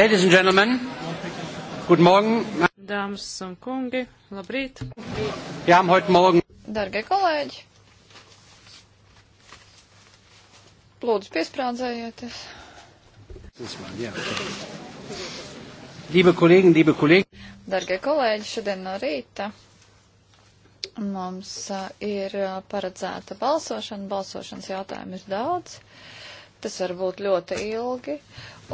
Ladies and gentlemen, guten Morgen. Dāmas un kungi, labrīt. Wir haben heute Morgen. Dargie kolēģi, lūdzu piesprādzējieties. Liebe Kollegen, liebe Kollegen. Dargie kolēģi, šodien no rīta mums uh, ir uh, paredzēta balsošana. Balsošanas jautājumu ir daudz. Uh, Tas var būt ļoti ilgi,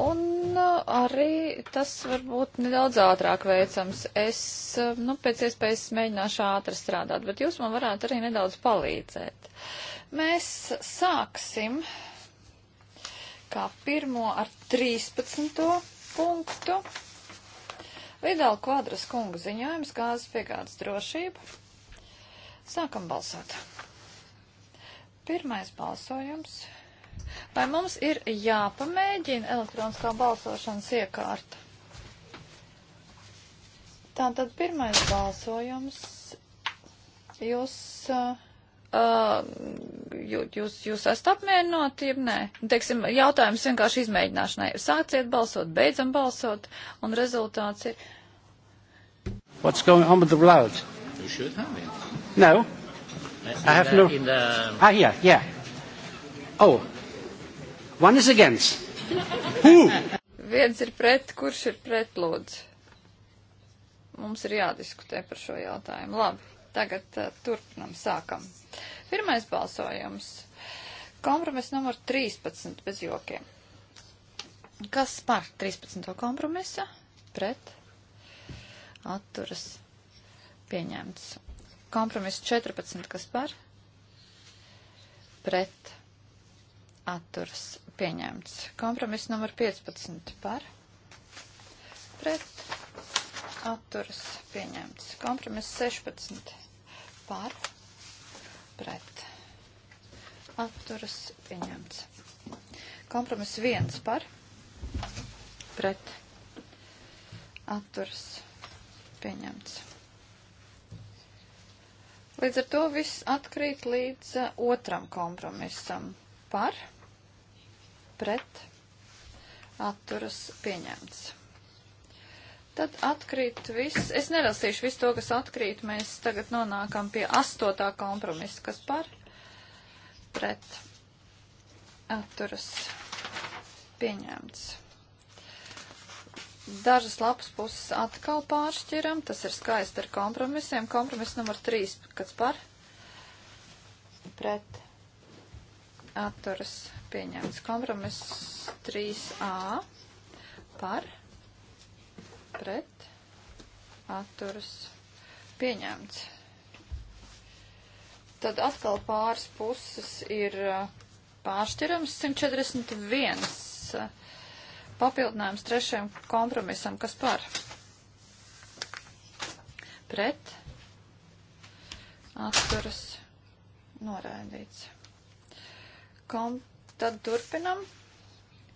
un uh, arī tas var būt nedaudz ātrāk veicams. Es, uh, nu, pēc iespējas mēģināšu ātri strādāt, bet jūs man varētu arī nedaudz palīdzēt. Mēs sāksim kā pirmo ar 13. punktu. Vidāla kvadras kunga ziņojums gāzes piegādes drošība. Sākam balsot. Pirmais balsojums Vai mums ir jāpamēģina elektroniskā balsošanas iekārta? Tātad pirmais balsojums. Jūs, uh, uh jūs, jūs, jūs esat apmierināti, ja nē? Nu, teiksim, jautājums vienkārši izmēģināšanai. Sāciet balsot, beidzam balsot, un rezultāts ir. What's going on with the loud? You should have it. No. In I have the, no. In the... Ah, yeah, yeah. Oh, One is against. Who? Viens ir pret, kurš ir pret lūdzu. Mums ir jādiskutē par šo jautājumu. Labi, tagad uh, turpinam, sākam. Pirmais balsojums. Kompromiss numur 13 bez jokiem. Kas par 13. kompromisa? Pret. Atturas. Pieņemts. Kompromiss 14. Kas par? Pret atturs pieņemts. Kompromiss numur 15 par pret atturs pieņemts. Kompromiss 16 par pret atturs pieņemts. Kompromiss 1 par pret atturs pieņemts. Līdz ar to viss atkrīt līdz uh, otram kompromisam par pret pret atturas pieņemts. Tad atkrīt viss. Es nerasīšu visu to, kas atkrīt. Mēs tagad nonākam pie astotā kompromisa, kas par pret atturas pieņemts. Dažas lapas puses atkal pāršķiram. Tas ir skaisti ar kompromisiem. Kompromiss numur 3, kas par pret atturas pieņemts. Kompromiss 3A par pret atturas pieņemts. Tad atkal pāris puses ir uh, pāršķirams 141 uh, papildinājums trešajam kompromisam, kas par pret atturas noraidīts. Kompromiss Tad turpinam.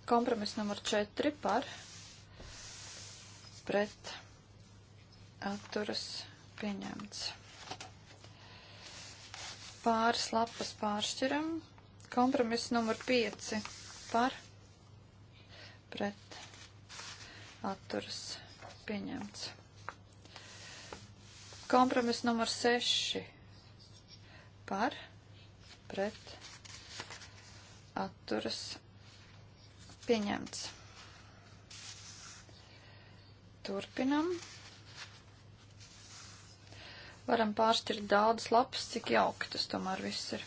Kompromiss numur 4 par pret atturas pieņemts. Pāris lapas pāršķiram. Kompromiss numur 5 par pret atturas pieņemts. Kompromiss numur 6 par pret atturas pieņemts. Turpinam. Varam pāršķirt daudz lapas, cik jauki tas tomēr viss ir.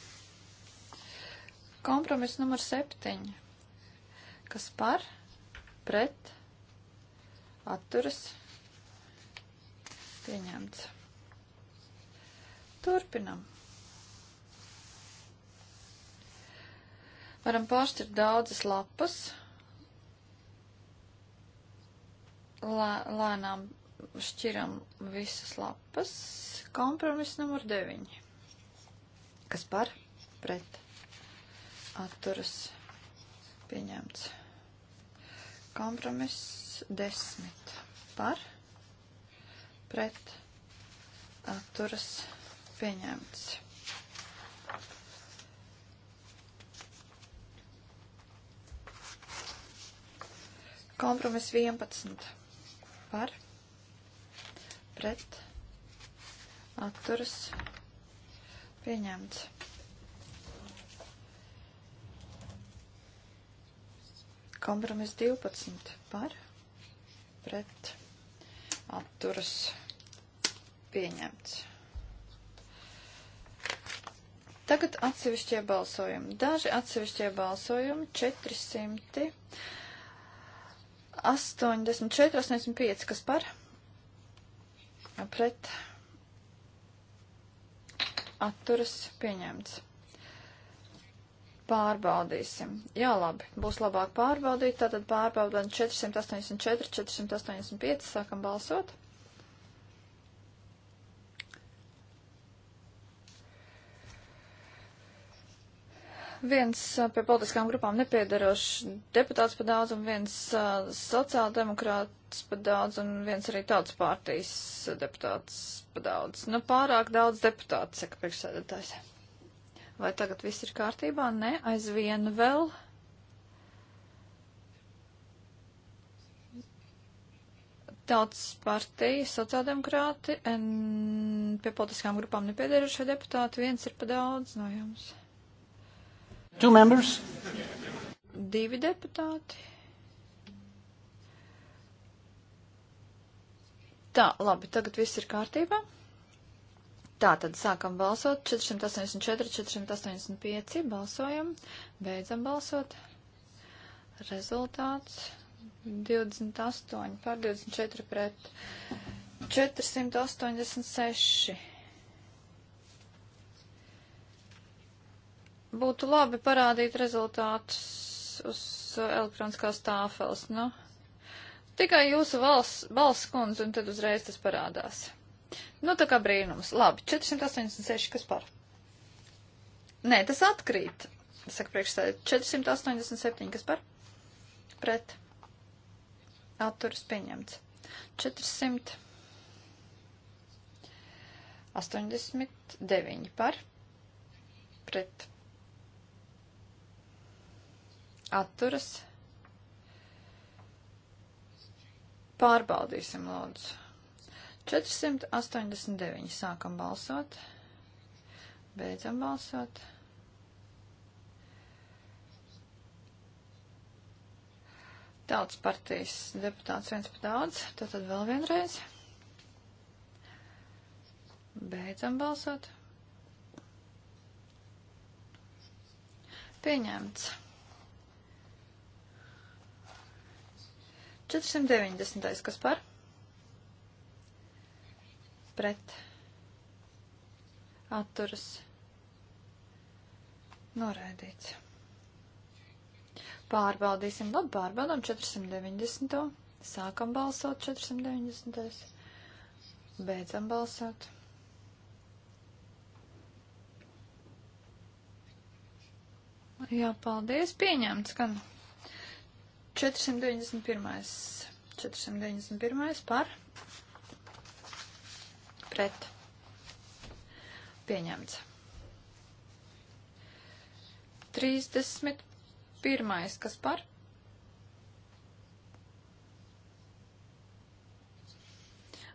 Kompromiss numur septiņi. Kas par, pret, atturas, pieņemts. Turpinam. Varam pāršķirt daudzas lapas. Lē, lēnām šķiram visas lapas. Kompromiss numur 9. Kas par? Pret. Atturas. Pieņemts. Kompromiss 10. Par? Pret. Atturas. Pieņemts. Kompromis 11 par pret atturas pieņemts. Kompromis 12 par pret atturas pieņemts. Tagad atsevišķie balsojumi. Daži atsevišķie balsojumi 400. 84, 85, kas par? Pret. Atturas pieņemts. Pārbaudīsim. Jā, labi. Būs labāk pārbaudīt. Tātad pārbaudām 484, 485. Sākam balsot. viens pie politiskām grupām nepiedarošs deputāts par daudz, un viens uh, sociāldemokrāts par daudz, un viens arī tautas pārtīs deputāts par daudz. Nu, pārāk daudz deputātu, saka priekšsēdētājs. Vai tagad viss ir kārtībā? Nē, aizvien vēl. Tautas partija, sociāldemokrāti, pie politiskām grupām nepiedarošie deputāti, viens ir pa daudz no jums. Two members. Divi deputāti. Tā, labi, tagad viss ir kārtībā. Tā, tad sākam balsot. 484, 485 balsojam. Beidzam balsot. Rezultāts 28 par 24 pret 486. Būtu labi parādīt rezultātus uz elektroniskās tāfeles. Nu, tikai jūsu valsts, balss kundze, un tad uzreiz tas parādās. Nu, tā kā brīnums. Labi, 486, kas par? Nē, tas atkrīt. Saka priekšstādā, 487, kas par? Pret. Atturis pieņemts. 400. 89 par pret atturas. Pārbaudīsim, lūdzu. 489. Sākam balsot. Beidzam balsot. Tautas partijas deputāts viens par daudz. Tātad vēl vienreiz. Beidzam balsot. Pieņemts. 490. kas par? Pret. Atturas. Noraidīts. Pārbaudīsim, labi, pārbaudām 490. Sākam balsot 490. Beidzam balsot. Jā, paldies, pieņemts, gan. Ka... 491. 491 par pret pieņemts. 31. kas par?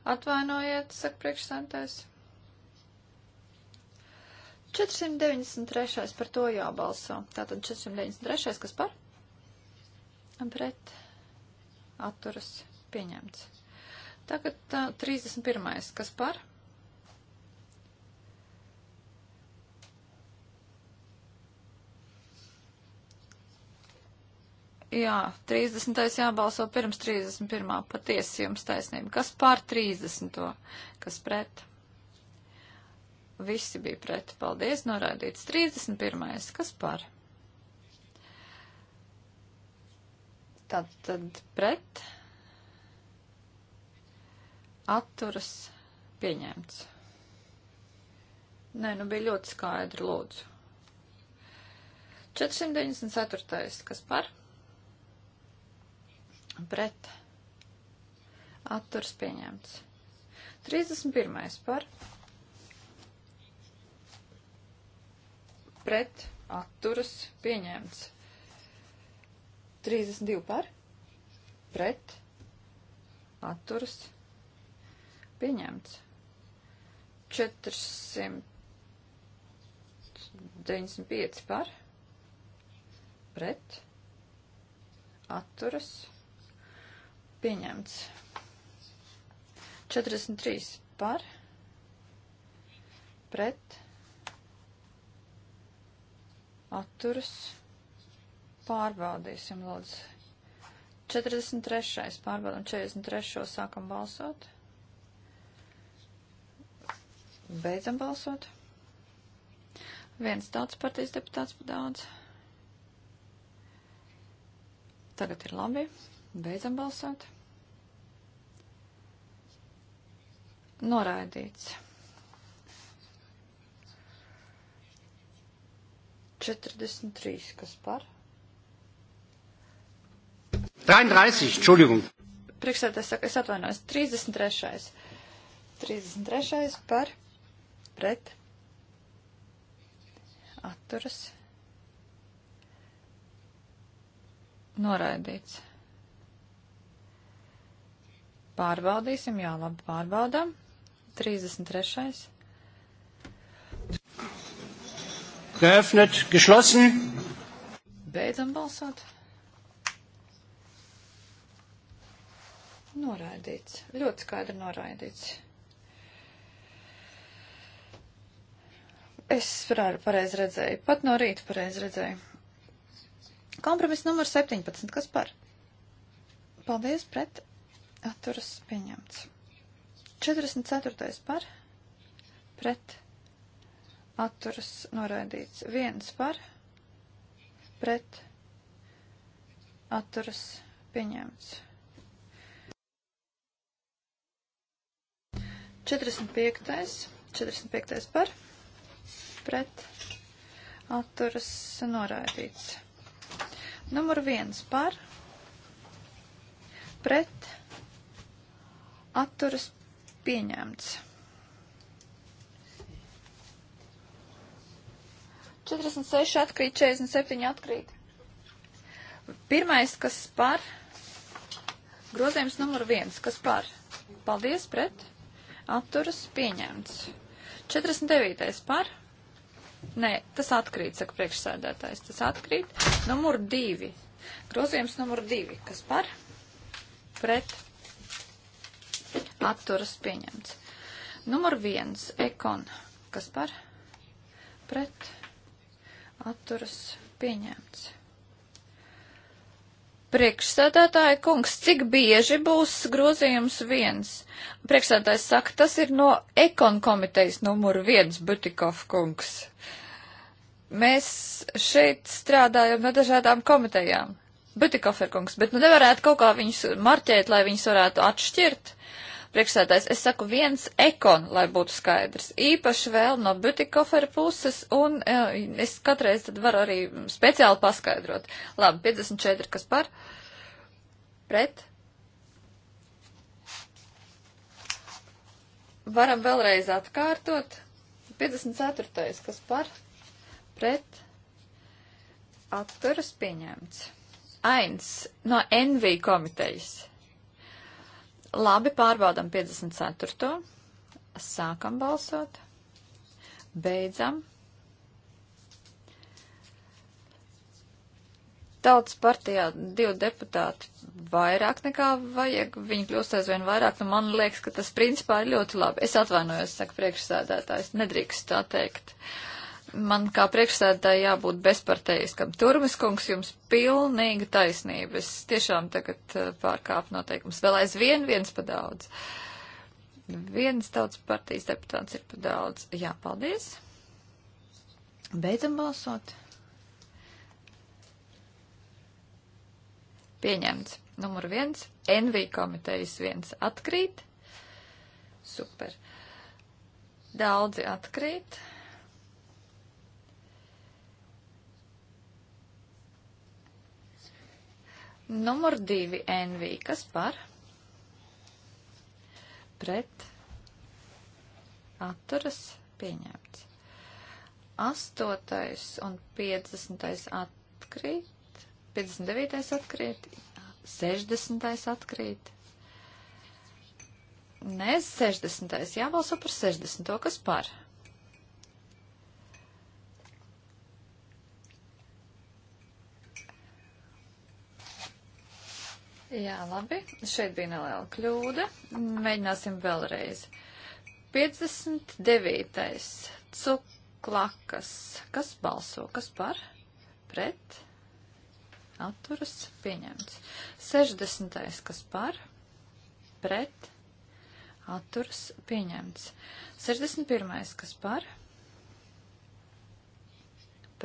Atvainojiet, saka priekšsēdētājs. 493. par to jābalso. Tātad 493. kas par? pret atturas pieņemts. Tagad tā, 31. kas par? Jā, 30. jābalso pirms 31. patiesi jums taisnība. Kas pār 30. kas pret? Visi bija pret. Paldies, norādīts. 31. kas par? Tad, tad pret atturas pieņemts. Nē, nu bija ļoti skaidri, lūdzu. 494. kas par? Pret. Atturs pieņemts. 31. par? Pret. Atturs pieņemts. 32 par, pret, atturas, pieņemts. 495 par, pret, atturas, pieņemts. 43 par, pret, atturas, pieņemts pārbaudīsim, lūdzu. 43. pārbaudam 43. sākam balsot. Beidzam balsot. Viens tāds partijas deputāts par daudz. Tagad ir labi. Beidzam balsot. Noraidīts. 43. kas par? 33, Entschuldigung. Priekšsēdētājs saka, es atvainojos, 33. 33. par pret atturas noraidīts. Pārbaudīsim, jā, labi, pārbaudām. 33. Geöffnet, geschlossen. Beidzam balsot. Noraidīts. Ļoti skaidri noraidīts. Es pareizi redzēju. Pat no rīta pareizi redzēju. Kompromiss numur 17. Kas par? Paldies pret. Atturas pieņemts. 44. par. Pret. Atturas noraidīts. 1 par. Pret. Atturas pieņemts. 45. 45. par pret atturas noraidīts. Numur 1 par pret atturas pieņemts. 46 atkrīt, 47 atkrīt. Pirmais, kas par, grozījums numur viens, kas par. Paldies, pret atturas pieņemts. 49. par. Nē, tas atkrīt, saka priekšsēdētājs. Tas atkrīt. Numur 2. Grozījums numur 2. Kas par? Pret. Atturas pieņemts. Numur 1. Ekon. Kas par? Pret. Atturas pieņemts. Priekšsēdētāja kungs, cik bieži būs grozījums viens? Priekšsēdētājs saka, tas ir no ekon komitejas numuru viens, Butikov kungs. Mēs šeit strādājam no dažādām komitejām. Butikofer kungs, bet nu nevarētu kaut kā viņus marķēt, lai viņus varētu atšķirt? Uh, Priekšsēdājs, es saku viens ekon, lai būtu skaidrs. Īpaši vēl no Butikofera puses, un e, es katreiz tad varu arī speciāli paskaidrot. Labi, 54, kas par? Pret? Varam vēlreiz atkārtot. 54. kas par? Pret? Atturas pieņemts. Ains no NV komitejas Labi, pārbaudam 54. Sākam balsot. Beidzam. Tautas partijā divi deputāti vairāk nekā vajag, viņi kļūst aizvien vairāk, un nu, man liekas, ka tas principā ir ļoti labi. Es atvainojos, saka priekšsēdētājs, nedrīkst tā teikt. Uh, man kā priekšsēdētāji jābūt bezparteiskam. Turmiskungs, jums pilnīga taisnība. Es tiešām tagad eh, pārkāpu noteikums. Vēl aizvien viens pa daudz. Viens tautas partijas deputāts ir pa daudz. Jā, paldies. Beidzam balsot. Pieņemts. Numur viens. NV komitejas viens atkrīt. Super. Daudzi atkrīt. Numur divi NV. Kas par? Pret. Atturas pieņemts. Astotais un 50. atkrīt. 59. atkrīt. 60. atkrīt. Nē, 60. jābalso par 60. kas par? Jā, labi. Šeit bija neliela kļūda. Mēģināsim vēlreiz. 59. Cuklakas. Kas balso? Kas par? Pret? Atturas pieņemts. 60. Kas par? Pret? Atturas pieņemts. 61. Kas par?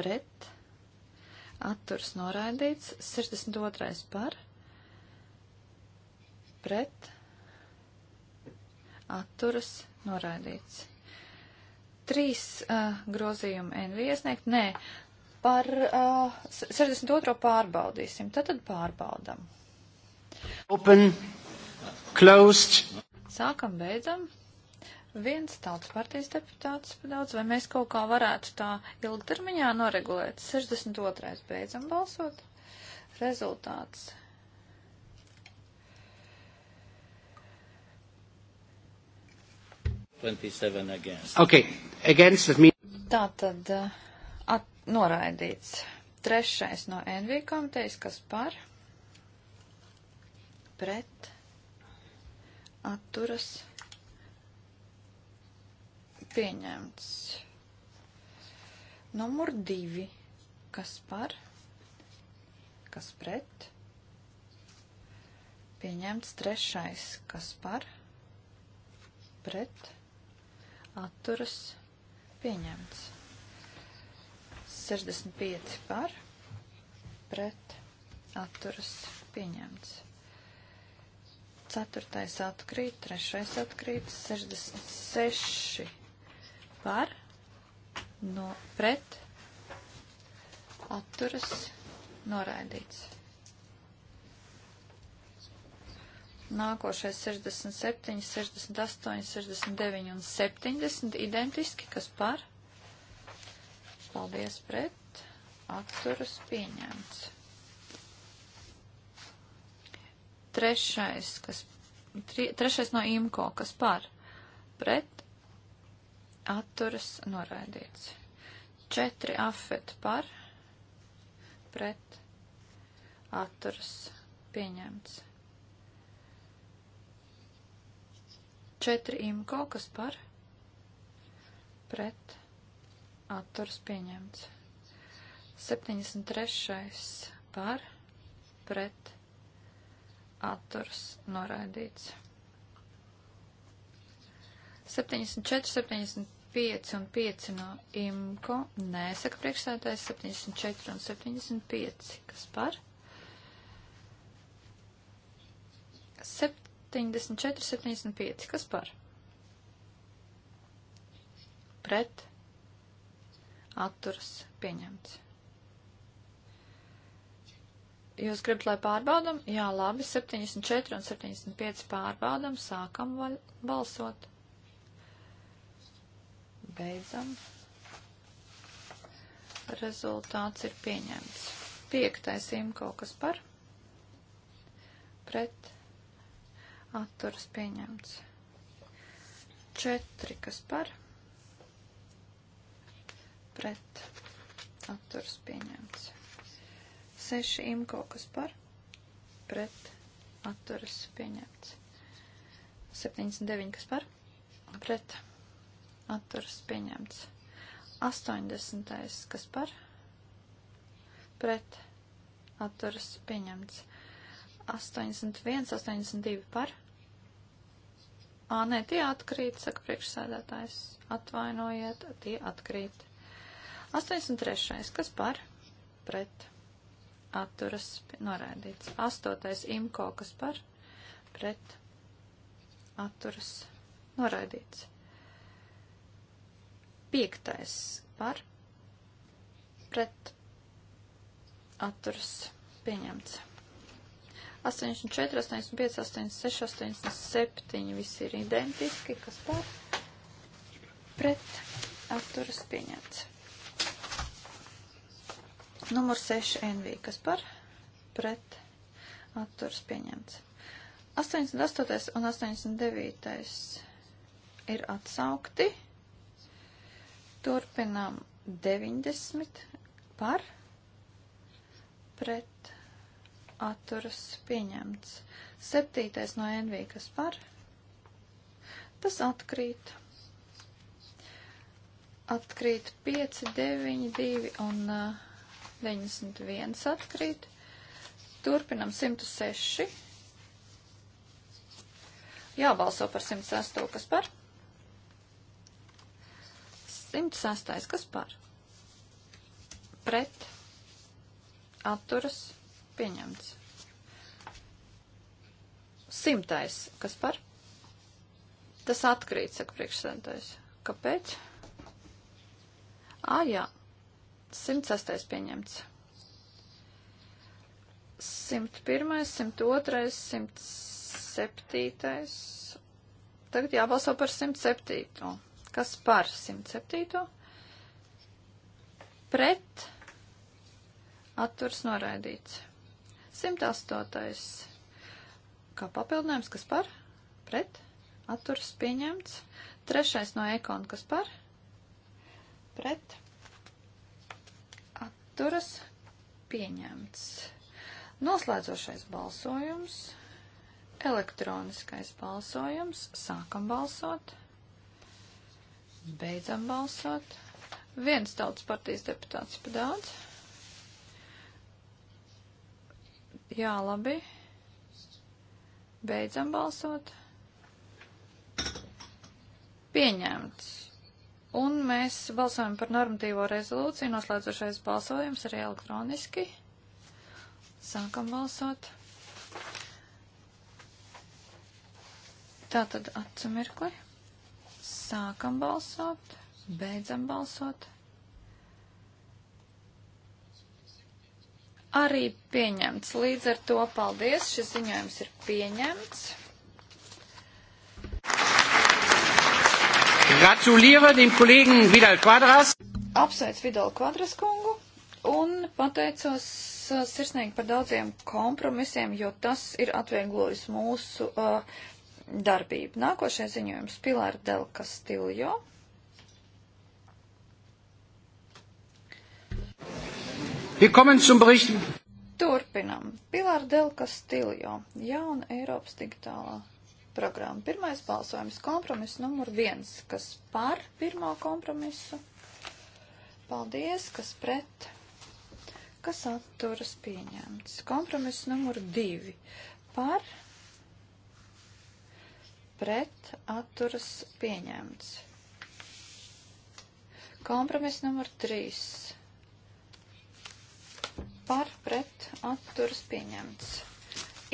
Pret? Atturas noraidīts. 62. par? pret, atturas, noraidīts. Trīs uh, grozījumi NV iesniegt, nē, par uh, 62. pārbaudīsim, tad, tad pārbaudam. Open, closed. Sākam, beidzam. Viens tautas partijas deputāts par daudz, vai mēs kaut kā varētu tā ilgtermiņā noregulēt. 62. beidzam balsot. Rezultāts 27 against. Okay. Against me... Tā tad uh, at, noraidīts. Trešais no NV komitejas, kas par, pret, atturas, pieņemts. Numur divi, kas par, kas pret, pieņemts. Trešais, kas par, pret, atturas atturas pieņemts. 65 par pret atturas pieņemts. 4. atkrīt, 3. atkrīt, 66 par no pret atturas noraidīts. Nākošais 67, 68, 69 un 70 identiski, kas par. Paldies pret. Atturas pieņemts. Trešais, kas, tri, trešais no IMCO, kas par. Pret. Atturas noraidīts. Četri afet par. Pret. Atturas pieņemts. 4 imko, kas par pret atturs pieņemts. 73. par pret atturs noraidīts. 74, 75 un 5 no imko, nē, saka priekšsēdājs 74 un 75, kas par? 7, 74, 75. Kas par? Pret. Atturas pieņemts. Jūs gribat, lai pārbaudam? Jā, labi, 74 un 75 pārbaudam, sākam balsot. Beidzam. Rezultāts ir pieņemts. Piektais imko, kas par? Pret atturas pieņemts. 4, kas par, pret, atturas pieņemts. 6, imko, kas par, pret, atturas pieņemts. 79, kas par, pret, atturas pieņemts. 80, kas par, pret, atturas pieņemts. 81, 82 par, Ā, nē, tie atkrīt, saka priekšsēdētājs. Atvainojiet, tie atkrīt. 83. Kas par? Pret. Atturas noraidīts. 8. Imko. Kas par? Pret. Atturas noraidīts. 5. Par? Pret. Atturas pieņemts. 84, 85, 86, 87 visi ir identiski, kas par pret atturas pieņemts. Numur 6 NV, kas par pret atturas pieņemts. 88 un 89 ir atsaukti. Turpinām 90 par pret atturas pieņemts. Septītais no NV, kas par, tas atkrīt. Atkrīt 5, 9, 2 un uh, 91 atkrīt. Turpinam 106. Jābalso par 106, kas par? 106, kas par? Pret. Atturas pieņemts. Simtais, kas par? Tas atkrīt, saka priekšsēdētājs. Kāpēc? Ā, jā, 106. pieņemts. 101, 102, 107. Tagad jābalso par 107. Kas par 107? Pret atturs noraidīts. 108. Kā papildinājums, kas par? Pret. Atturs pieņemts. Trešais no ekona, kas par? Pret. Atturas pieņemts. Noslēdzošais balsojums. Elektroniskais balsojums. Sākam balsot. Beidzam balsot. Viens tautas partijas deputāts pa daudz. Jā, labi. Beidzam balsot. Pieņemts. Un mēs balsojam par normatīvo rezolūciju. Noslēdzošais balsojums arī elektroniski. Sākam balsot. Tātad atsumirkli. Sākam balsot. Beidzam balsot. arī pieņemts. Līdz ar to paldies, šis ziņojums ir pieņemts. Gratuliere dem kolēģim Vidal Quadras. Apsveic Vidal Quadras kungu un pateicos uh, sirsnīgi par daudziem kompromisiem, jo tas ir atvieglojis mūsu uh, darbību. Nākošais ziņojums Pilāra Delka Stiljo. Turpinam. Pilar Delka Stiljo, jauna Eiropas digitālā programma. Pirmais balsojums kompromiss numur viens, kas par pirmo kompromisu. Paldies, kas pret, kas atturas pieņemts. Kompromiss numur divi par pret atturas pieņemts. Kompromiss numur trīs par pret atturas pieņemts.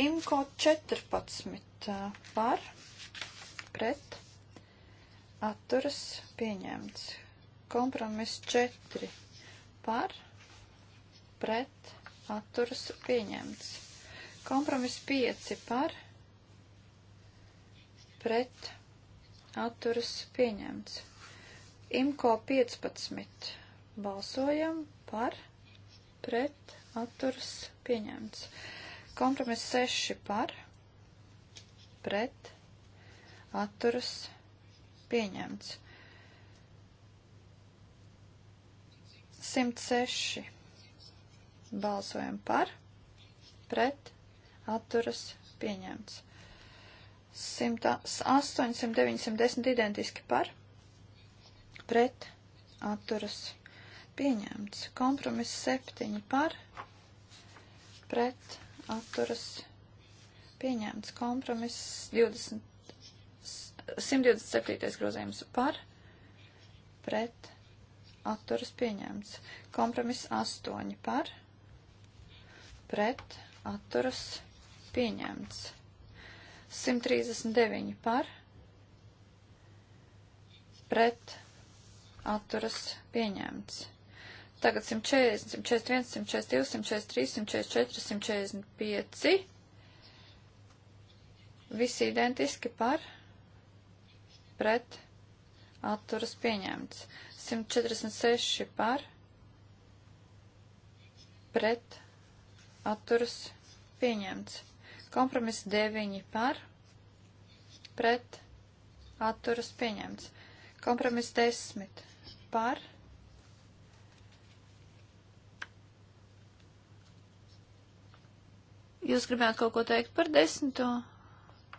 Imko 14 par pret atturas pieņemts. Kompromis 4 par pret atturas pieņemts. Kompromis 5 par pret atturas pieņemts. Imko 15 balsojam par pret atturas pieņemts. Kompromiss 6 par, pret, atturas pieņemts. 106 balsojam par, pret, atturas pieņemts. 108, 109, 110 identiski par, pret, atturas pieņemts pieņemts. Kompromiss 7 par, pret, atturas, pieņemts. Kompromiss 20, 127. grozījums par, pret, atturas, pieņemts. Kompromiss 8 par, pret, atturas, pieņemts. 139 par, pret, atturas, pieņemts. Tagad 140, 141, 142, 143, 144, 145. Visi identiski par pret atturas pieņemts. 146 par pret atturas pieņemts. Kompromiss 9 par pret atturas pieņemts. Kompromiss 10 par pret Jūs gribējāt kaut ko teikt par desmito?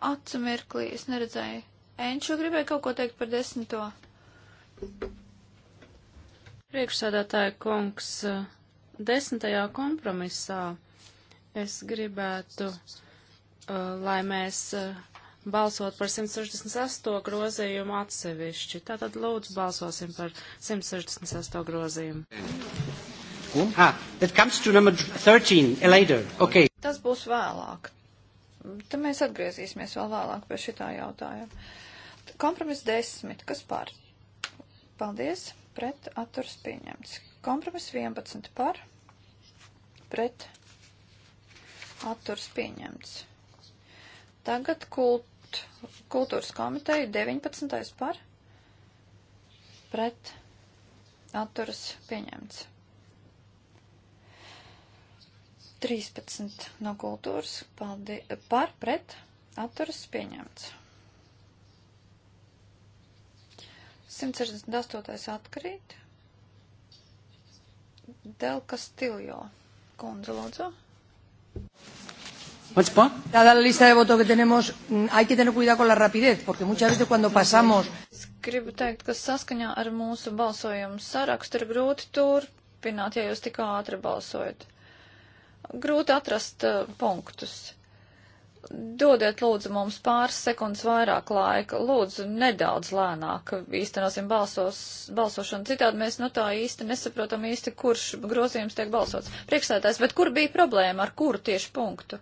Atsimirklī, es neredzēju. Enču gribēja kaut ko teikt par desmito. Priekšsēdētāja kungs, desmitajā kompromisā es gribētu, eh, lai mēs eh, balsot par 168 grozījumu atsevišķi. Tātad lūdzu balsosim par 168 grozījumu. Ah, that comes to number 13 later. Okay tas būs vēlāk. Te mēs atgriezīsimies vēl vēlāk pie šitā jautājuma. Kompromiss desmit. Kas par? Paldies. Pret atturs pieņemts. Kompromiss 11 par. Pret atturs pieņemts. Tagad kult, kultūras komiteja 19 par. Pret atturs pieņemts. 13 no kultūras paldi, par pret atturas pieņemts. 168. atkrīt. Del Castillo. Kundze, lūdzu. Dada la lista de votos que tenemos, mm, hay que tener cuidado con la rapidez, porque muchas veces cuando pasamos. Es gribu teikt, ka saskaņā ar mūsu balsojumu sarakstu ir grūti turpināt, ja jūs tik ātri balsojat. Uh, grūti atrast uh, punktus. Dodiet lūdzu mums pāris sekundes vairāk laika, lūdzu nedaudz lēnāk īstenosim balsos, balsošanu, citādi mēs no nu, tā īsti nesaprotam īsti, kurš grozījums tiek balsots. Priekšsētājs, bet kur bija problēma, ar kuru tieši punktu?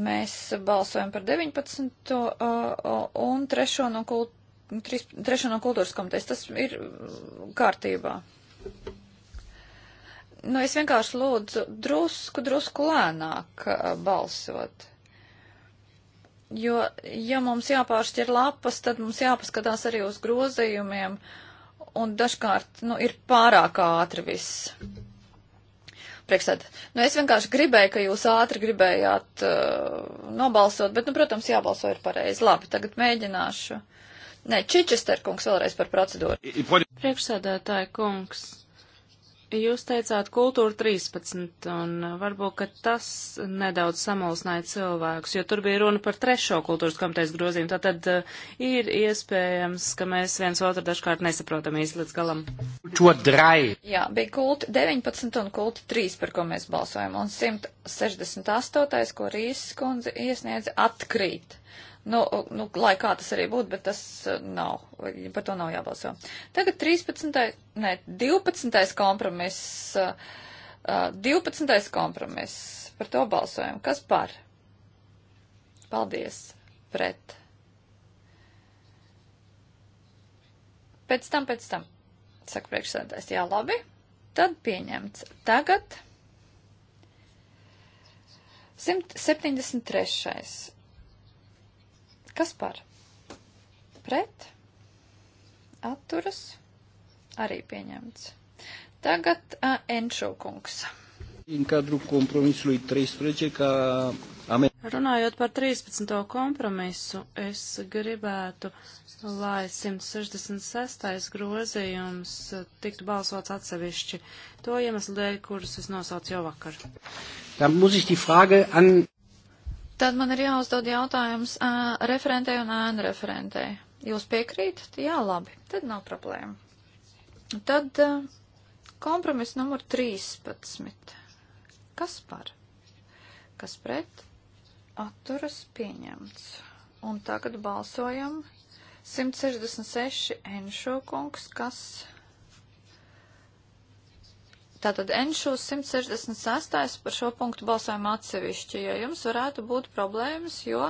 Mēs balsojam par 19. Uh, un 3. no, kult, 3, 3 no kultūras komitejas. Tas ir mm, kārtībā. Thank you nu, es vienkārši lūdzu drusku, drusku lēnāk uh, balsot. Jo, ja mums jāpāršķir lapas, tad mums jāpaskatās arī uz grozījumiem, un dažkārt, nu, ir pārāk ātri viss. Priekšsēd. Nu, es vienkārši gribēju, ka jūs ātri gribējāt uh, nobalsot, bet, nu, protams, jābalso ir pareizi. Labi, tagad mēģināšu. Nē, Čičester kungs vēlreiz par procedūru. Priekšsēdētāja kungs Jūs teicāt kultūra 13, un varbūt, ka tas nedaudz samulsināja cilvēkus, jo tur bija runa par trešo kultūras komitejas grozījumu. Tātad uh, ir iespējams, ka mēs viens otru dažkārt nesaprotam īsti līdz galam. To drai. Jā, bija kulti 19 un kulti 3, par ko mēs balsojam, un 168, ko Rīsas kundze iesniedz, atkrīt. Nu, nu, lai kā tas arī būtu, bet tas eh, nav, par to nav jābalso. Tagad 13. ne, 12. kompromiss, 12. Eh, eh, kompromiss, par to balsojam. Kas par? Paldies, pret. Pēc tam, pēc tam, saka priekšsēdētājs, jā, labi, tad pieņemts. Tagad 173. Kas par? Pret? Atturas? Arī pieņemts. Tagad uh, Enšokungs. În cadrul compromisului 13, ca Runājot par 13. kompromisu, es gribētu, lai 166. grozījums tiktu balsots atsevišķi to iemeslu dēļ, kurus es nosaucu jau vakar. An... Tad man ir jāuzdod jautājums uh, referentei un ēnu referentei. Jūs piekrītat? Jā, labi. Tad nav problēma. Tad uh, kompromiss numur 13. Kas par? Kas pret? Atturas pieņemts. Un tagad balsojam 166 Enšo kungs, kas Tātad NŠU 168 par šo punktu balsājumu atsevišķi, jo jums varētu būt problēmas, jo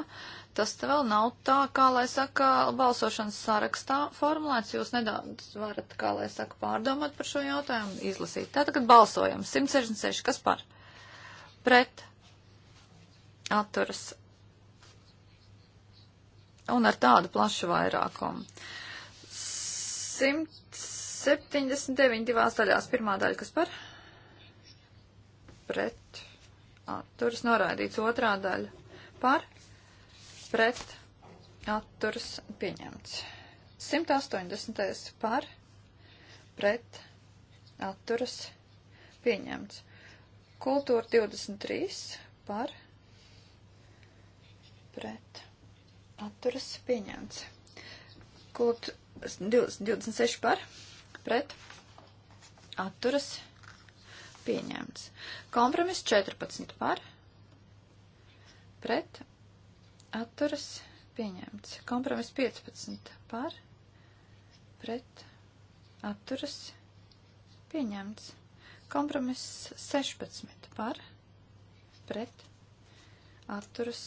tas vēl nav tā, kā lai saka, balsošanas sarakstā formulēts. Jūs nedaudz varat, kā lai saka, pārdomāt par šo jautājumu, izlasīt. Tātad, kad balsojam, 166, kas par? Pret. Atturas. Un ar tādu plašu vairākumu. 100. 79 divās daļās. Pirmā daļa, kas par? Pret. Atturas noraidīts. Otrā daļa par? Pret. Atturas pieņemts. 180 par? Pret. Atturas pieņemts. Kultūra 23 par? Pret. Atturas pieņemts. Kultūra 26 par? pret atturas pieņemts. Kompromiss 14 par pret atturas pieņemts. Kompromiss 15 par pret atturas pieņemts. Kompromiss 16 par pret atturas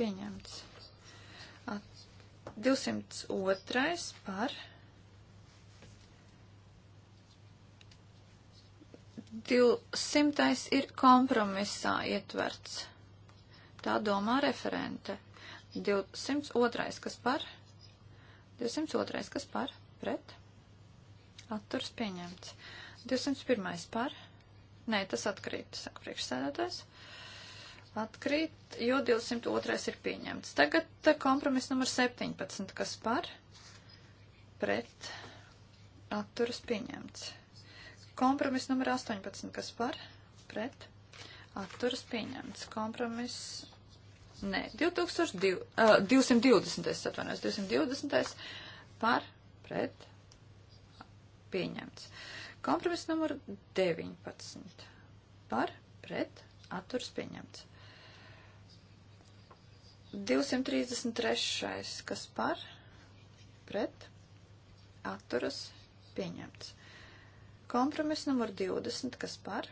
pieņemts. At 202 par pret 200. ir kompromisā ietverts. Tā domā referente. 202. kas par? 202. kas par? Pret? Atturs pieņemts. 201. par? Nē, tas atkrīt, saka priekšsēdētājs. Atkrīt, jo 202. ir pieņemts. Tagad kompromis numur 17. kas par? Pret? Atturs pieņemts. Kompromiss numur 18, kas par pret atturas pieņemts. Kompromiss, nē, 2002, uh, 220, atvainojos, 220 par pret pieņemts. Kompromiss numur 19 par pret atturas pieņemts. 233, kas par pret atturas pieņemts. Kompromiss numur 20, kas par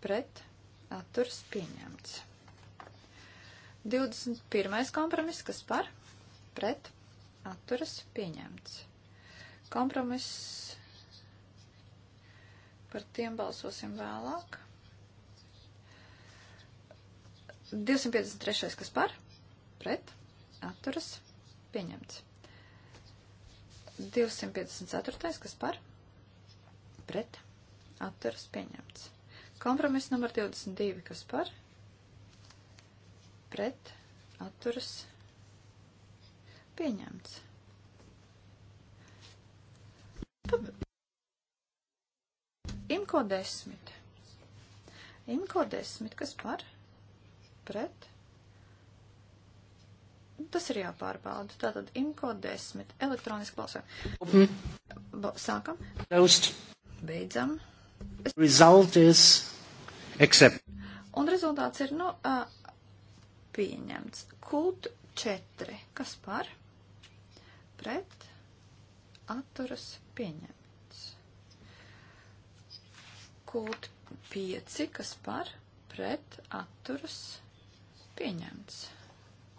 pret atturs pieņemts. 21. kompromiss, kas par pret atturas pieņemts. Kompromiss par tiem balsosim vēlāk. 253. kas par pret atturas pieņemts. 254. kas par pret pret atturas pieņemts. Kompromiss numur 22, kas par pret atturas pieņemts. Imko desmit. Imko desmit, kas par? Pret? Tas ir jāpārbauda. Tātad Imko desmit. Elektroniski balsojam. Mm. Sākam. Closed. Beidzam. Result is accept. Un rezultāts ir, nu, pieņemts. Kult 4. Kas par? Pret. Atturas pieņemts. Kult 5. Kas par? Pret. Atturas pieņemts.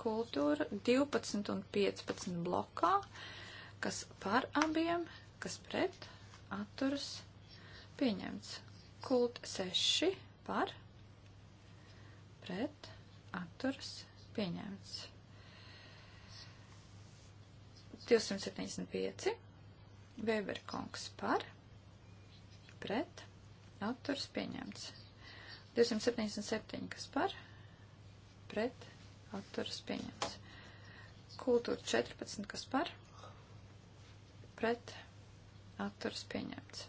Kultūra 12 un 15 blokā. Kas par abiem? Kas pret? Atturas pieņemts pieņemts. Kult 6 par, pret, atturas, pieņemts. 275. Vēberkongs par, pret, atturs pieņemts. 277, kas par, pret, atturs pieņemts. Kultūra 14, kas par, pret, atturs pieņemts.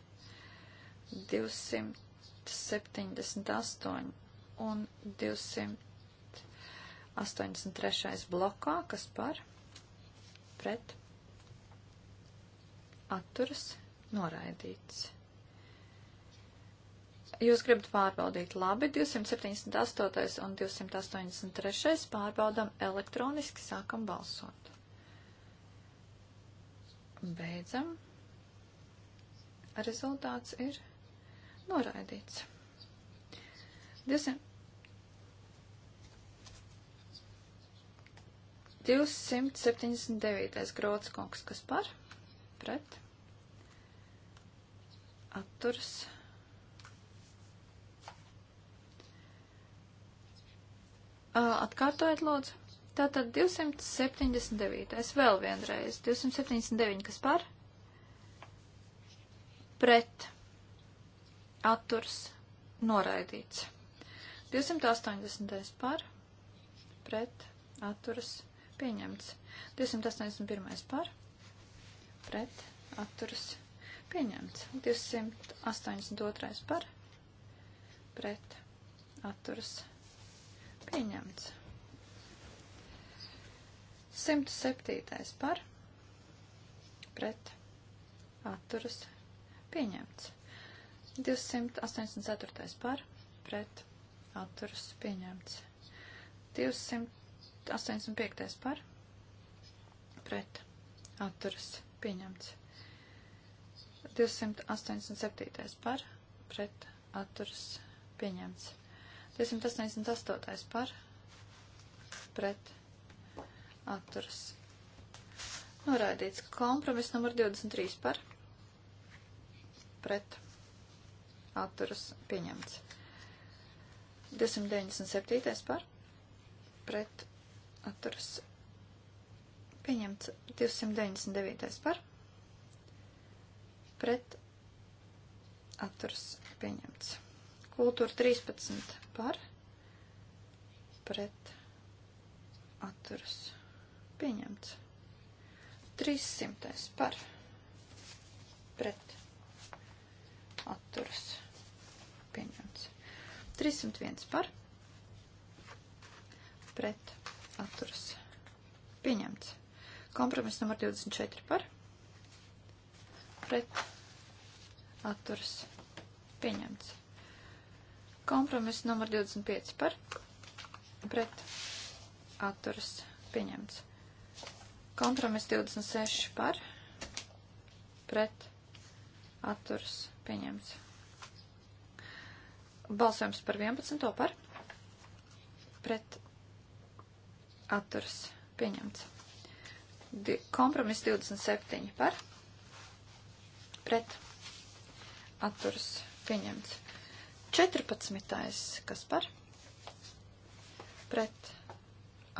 278 un 283 blokā, kas par pret atturas noraidīts. Jūs gribat pārbaudīt labi, 278 un 283 pārbaudam elektroniski, sākam balsot. Beidzam. Rezultāts ir 278. Noraidīts. 200. 279. grots kungs, kas par, pret, atturs. Atkārtojiet, lūdzu. Tātad 279. Es vēl vienreiz. 279, kas par, pret, atturs atturs noraidīts. 280. par, pret, atturas pieņemts. 281. par, pret, atturas pieņemts. 282. par, pret, atturas pieņemts. 107. par, pret, atturas pieņemts. 284. par pret atturas pieņemts. 285. par pret atturas pieņemts. 287. par pret atturas pieņemts. 288. par pret atturas. Noraidīts kompromiss numur 23 par pret atturas pieņemts. 297. par pret atturas pieņemts. 299. par pret atturas pieņemts. Kultūra 13 par pret atturas pieņemts. 300. par pret atturas pieņemts atturas pieņemts. 301 par pret atturas pieņemts. Kompromiss numur 24 par pret atturas pieņemts. Kompromiss numur 25 par pret atturas pieņemts. Kompromiss 26 par pret atturas pieņemts Pieņemts. Balsojums par 11. par. Pret atturs. Pieņemts. Di kompromis 27 par. Pret atturs. Pieņemts. 14. kas par. Pret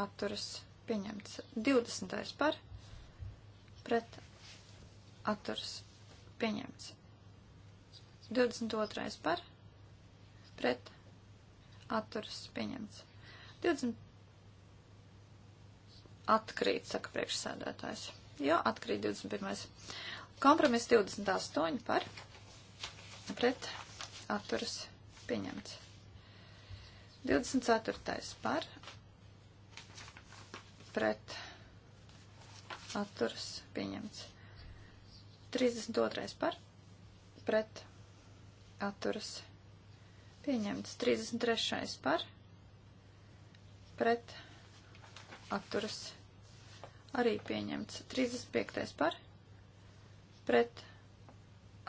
atturs. Pieņemts. 20. par. Pret atturs. Pieņemts. 22. par pret atturas pieņemts. 20. Atkrīt, saka priekšsēdētājs. Jo, atkrīt 21. Kompromiss 28 par pret atturas pieņemts. 24. par pret atturas pieņemts. 32. par pret atturas pieņemts. 33. par pret atturas arī pieņemts. 35. par pret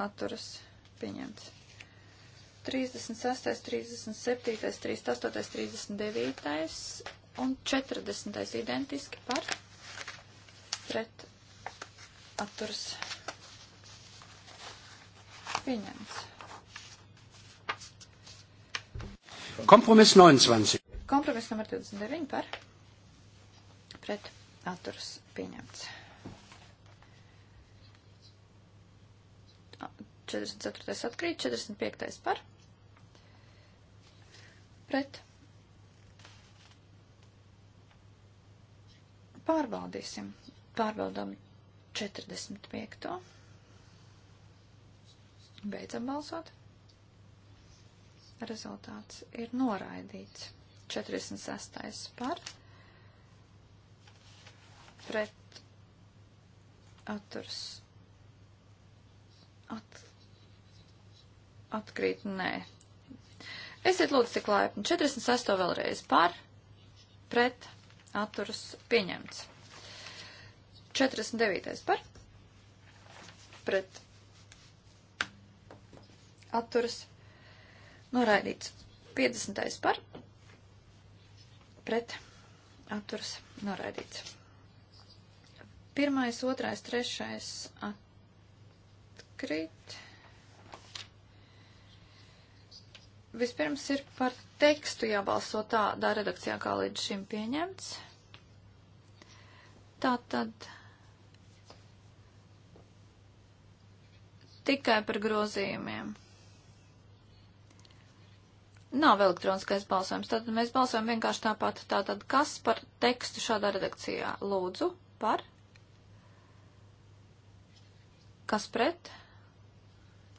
atturas pieņemts. 36., 37., 38., 39. un 40. identiski par pret atturas pieņemts. Kompromiss 29. Kompromiss numur 29 par pret atturas pieņemts. 44. atkrīt, 45. par pret. Pārbaudīsim. Pārbaudām 45. Beidzam balsot rezultāts ir noraidīts. 46. par pret atturs at, atkrīt, nē. Esiet lūdzu tik laipni. 46. vēlreiz par pret atturs pieņemts. 49. par pret atturs pieņemts atturas Noraidīts. 50. par. Pret. Atturs. Noraidīts. Pirmais, otrais, trešais atkrīt. Vispirms ir par tekstu jābalso tādā redakcijā, kā līdz šim pieņemts. Tātad tikai par grozījumiem nav elektroniskais balsojums. Tad mēs balsojam vienkārši tāpat. Tātad, kas par tekstu šādā redakcijā? Lūdzu, par? Kas pret?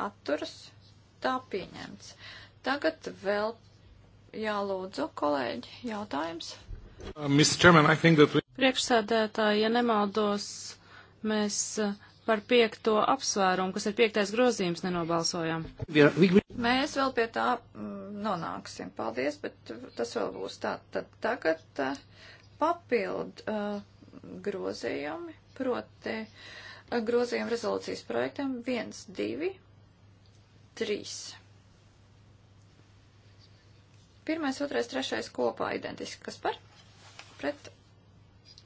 Atturas? Tā pieņemts. Tagad vēl jālūdzu, kolēģi, jautājums. Uh, Chairman, we... Priekšsēdētāji, ja nemaldos, mēs uh, par piekto apsvērumu, kas ir piektais grozījums, nenobalsojam. Mēs vēl pie tā mm, nonāksim. Paldies, bet tas vēl būs tā. Tad tagad eh, papild eh, grozījumi, proti eh, grozījumi rezolūcijas projektam 1, 2, 3. Pirmais, otrais, trešais kopā identiski. Kas par? Pret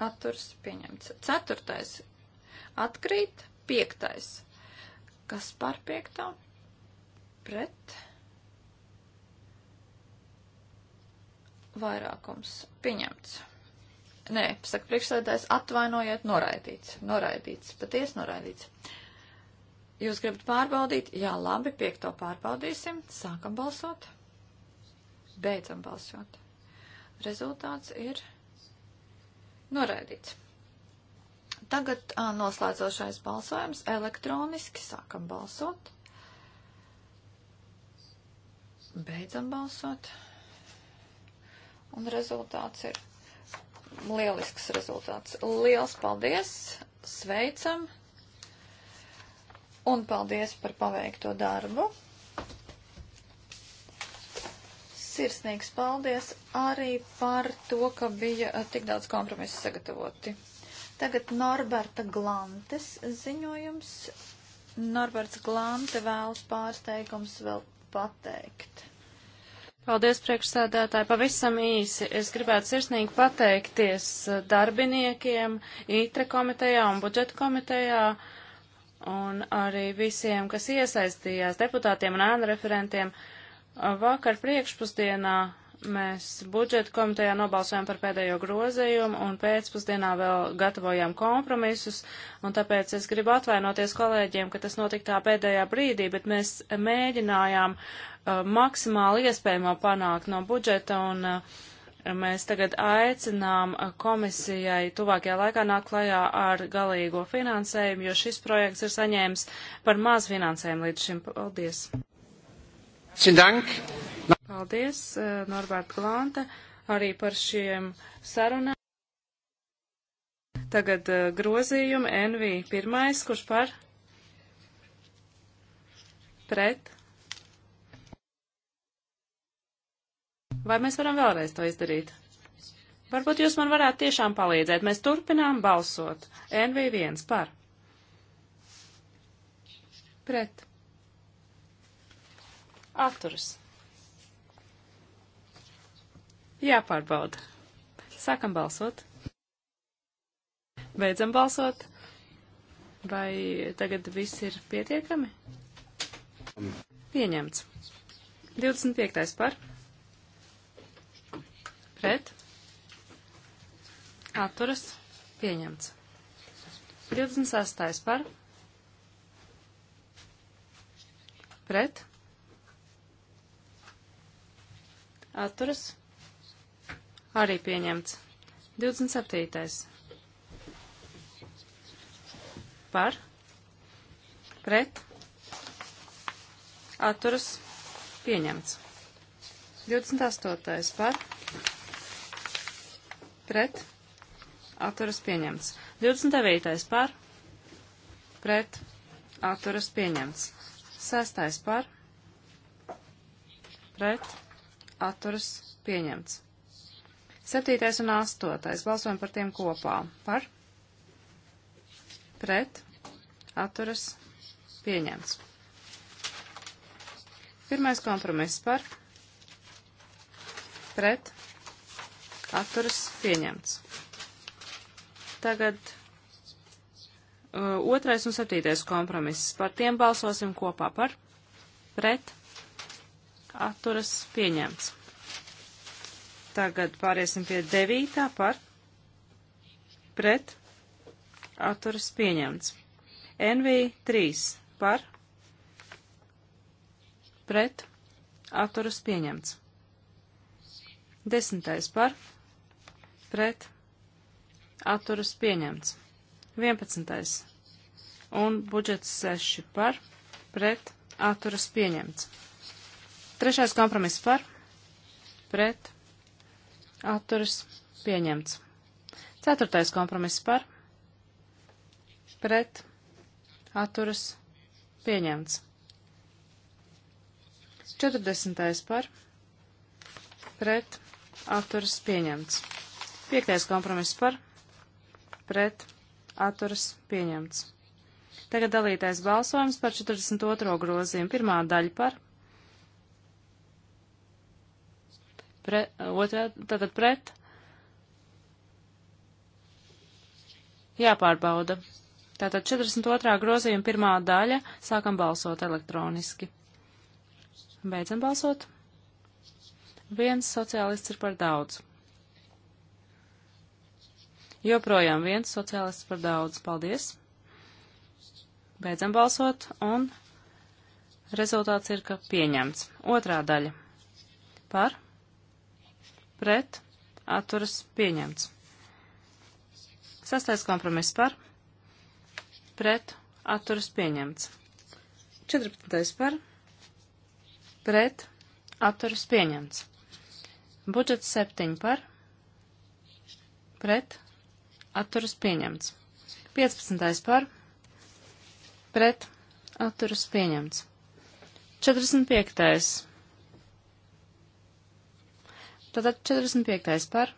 atturs pieņemts. Ceturtais Atkrīt piektais. Kas par piekto? Pret. Vairākums pieņemts. Nē, saka priekšsēdājs, atvainojiet, noraidīts. Noraidīts, patiesi noraidīts. Jūs gribat pārbaudīt? Jā, labi, piekto pārbaudīsim. Sākam balsot. Beidzam balsot. Rezultāts ir noraidīts. Tagad a, noslēdzošais balsojums elektroniski. Sākam balsot. Beidzam balsot. Un rezultāts ir lielisks rezultāts. Liels paldies! Sveicam! Un paldies par paveikto darbu! Sirsnīgs paldies arī par to, ka bija tik daudz kompromisu sagatavoti. Tagad Norberta Glantes ziņojums. Norberts Glante vēlas pārsteigums vēl pateikt. Paldies, priekšsēdētāji. Pavisam īsi. Es gribētu sirsnīgi pateikties darbiniekiem, ITRE komitejā un budžeta komitejā un arī visiem, kas iesaistījās deputātiem un ēnu referentiem. Vakar priekšpusdienā mēs budžeta komitejā nobalsojām par pēdējo grozījumu un pēcpusdienā vēl gatavojām kompromisus, un tāpēc es gribu atvainoties kolēģiem, ka tas notika tā pēdējā brīdī, bet mēs mēģinājām uh, maksimāli iespējamo panākt no budžeta, un uh, mēs tagad aicinām uh, komisijai tuvākajā laikā nāk klajā ar galīgo finansējumu, jo šis projekts ir saņēmis par maz finansējumu līdz šim. Paldies! Paldies, eh, Norbert Glante, arī par šiem sarunām. Tagad eh, grozījumi NV pirmais, kurš par pret. Vai mēs varam vēlreiz to izdarīt? Varbūt jūs man varētu tiešām palīdzēt. Mēs turpinām balsot. NV1 par. Pret atturas. Jāpārbauda. Sākam balsot. Beidzam balsot. Vai tagad viss ir pietiekami? Pieņemts. 25. par. Pret. Atturas. Pieņemts. 26. par. Pret. atturas, arī pieņemts. 27. par, pret, atturas, pieņemts. 28. par, pret, atturas, pieņemts. 29. par, pret, atturas, pieņemts. 6. par, pret, atturas pieņemts. Septītais un astotais. Balsojam par tiem kopā. Par? Pret? Atturas pieņemts. Pirmais kompromiss par? Pret? Atturas pieņemts. Tagad uh, otrais un septītais kompromiss. Par tiem balsosim kopā par? Pret? atturas pieņemts. Tagad pāriesim pie 9. par pret atturas pieņemts. NV3 par pret atturas pieņemts. 10. par pret atturas pieņemts. 11. un budžets 6 par pret atturas pieņemts. Trešais kompromiss par, pret, atturas, pieņemts. Ceturtais kompromiss par, pret, atturas, pieņemts. Četrdesmitais par, pret, atturas, pieņemts. Piektais kompromiss par, pret, atturas, pieņemts. Tagad dalītais balsojums par 42. grozījumu. Pirmā daļa par, pre, otrā, tātad pret. Jāpārbauda. Tātad 42. grozījuma pirmā daļa sākam balsot elektroniski. Beidzam balsot. Viens sociālists ir par daudz. Joprojām viens sociālists par daudz. Paldies. Beidzam balsot un rezultāts ir, ka pieņemts. Otrā daļa. Par pret atturas pieņemts. Sastais kompromiss par pret atturas pieņemts. 14. par pret atturas pieņemts. Budžets 7 par pret atturas pieņemts. 15. par pret atturas pieņemts. 45. Tātad 45. par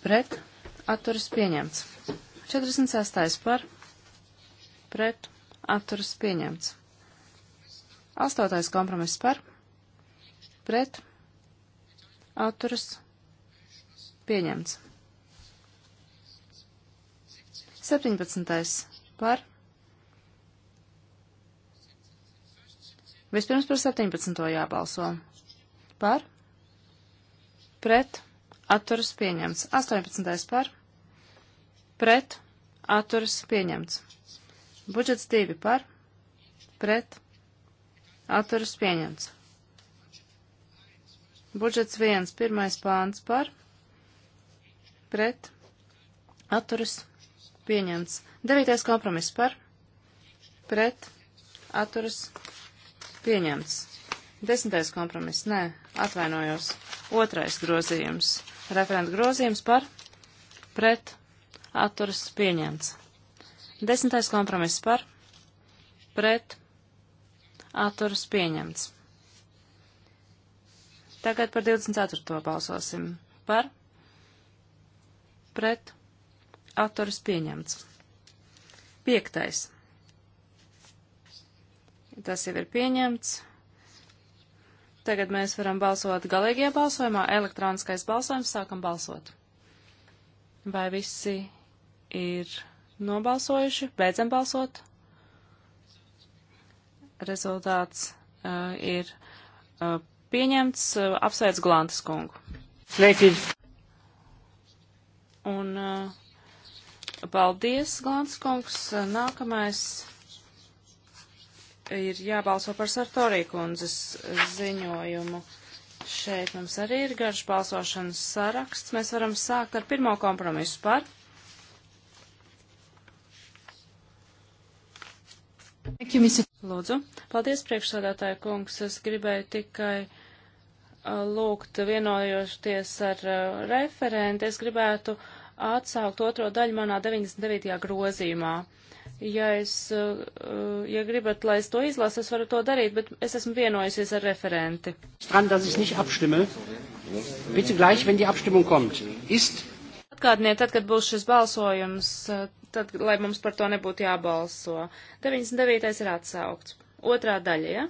pret atturas pieņemts. 46. par pret atturas pieņemts. 8. kompromiss par pret atturas pieņemts. 17. par Vispirms par 17. jābalso par, pret, atturas pieņemts. 18. par, pret, atturas pieņemts. Budžets 2 par, pret, atturas pieņemts. Budžets 1, pirmais pāns par, pret, atturas pieņemts. Devītais kompromiss par, pret, atturas pieņemts. Desmitais kompromiss. Nē, atvainojos. Otrais grozījums. Referenta grozījums par pret atturas pieņemts. Desmitais kompromiss par pret atturas pieņemts. Tagad par 24. balsosim. Par pret atturas pieņemts. Piektais. Tas jau ir pieņemts. Tagad mēs varam balsot galīgajā balsojumā. Elektroniskais balsojums sākam balsot. Vai visi ir nobalsojuši? Beidzam balsot. Rezultāts uh, ir uh, pieņemts. Uh, apsveic Glantas kungu. Sveiki! Un uh, paldies, Glants kungs. Nākamais ir jābalso par Sartorī kundzes ziņojumu. Šeit mums arī ir garš balsošanas saraksts. Mēs varam sākt ar pirmo kompromisu par. Lūdzu. Paldies, priekšsādātāja kungs. Es gribēju tikai uh, lūgt vienojoties ar uh, referenti. Es gribētu atsaukt otro daļu manā 99. grozījumā. Ja, es, eh, ja gribat, lai es to izlasu, es varu to darīt, bet es esmu vienojusies ar referenti. Dran, dass ich nicht abstimme. Bitte gleich, wenn die Abstimmung kommt. Ist. Atgādiniet, tad, kad būs šis balsojums, eh, tad, lai mums par to nebūtu jābalso. 99. ir atsaukts. Otrā daļa, ja?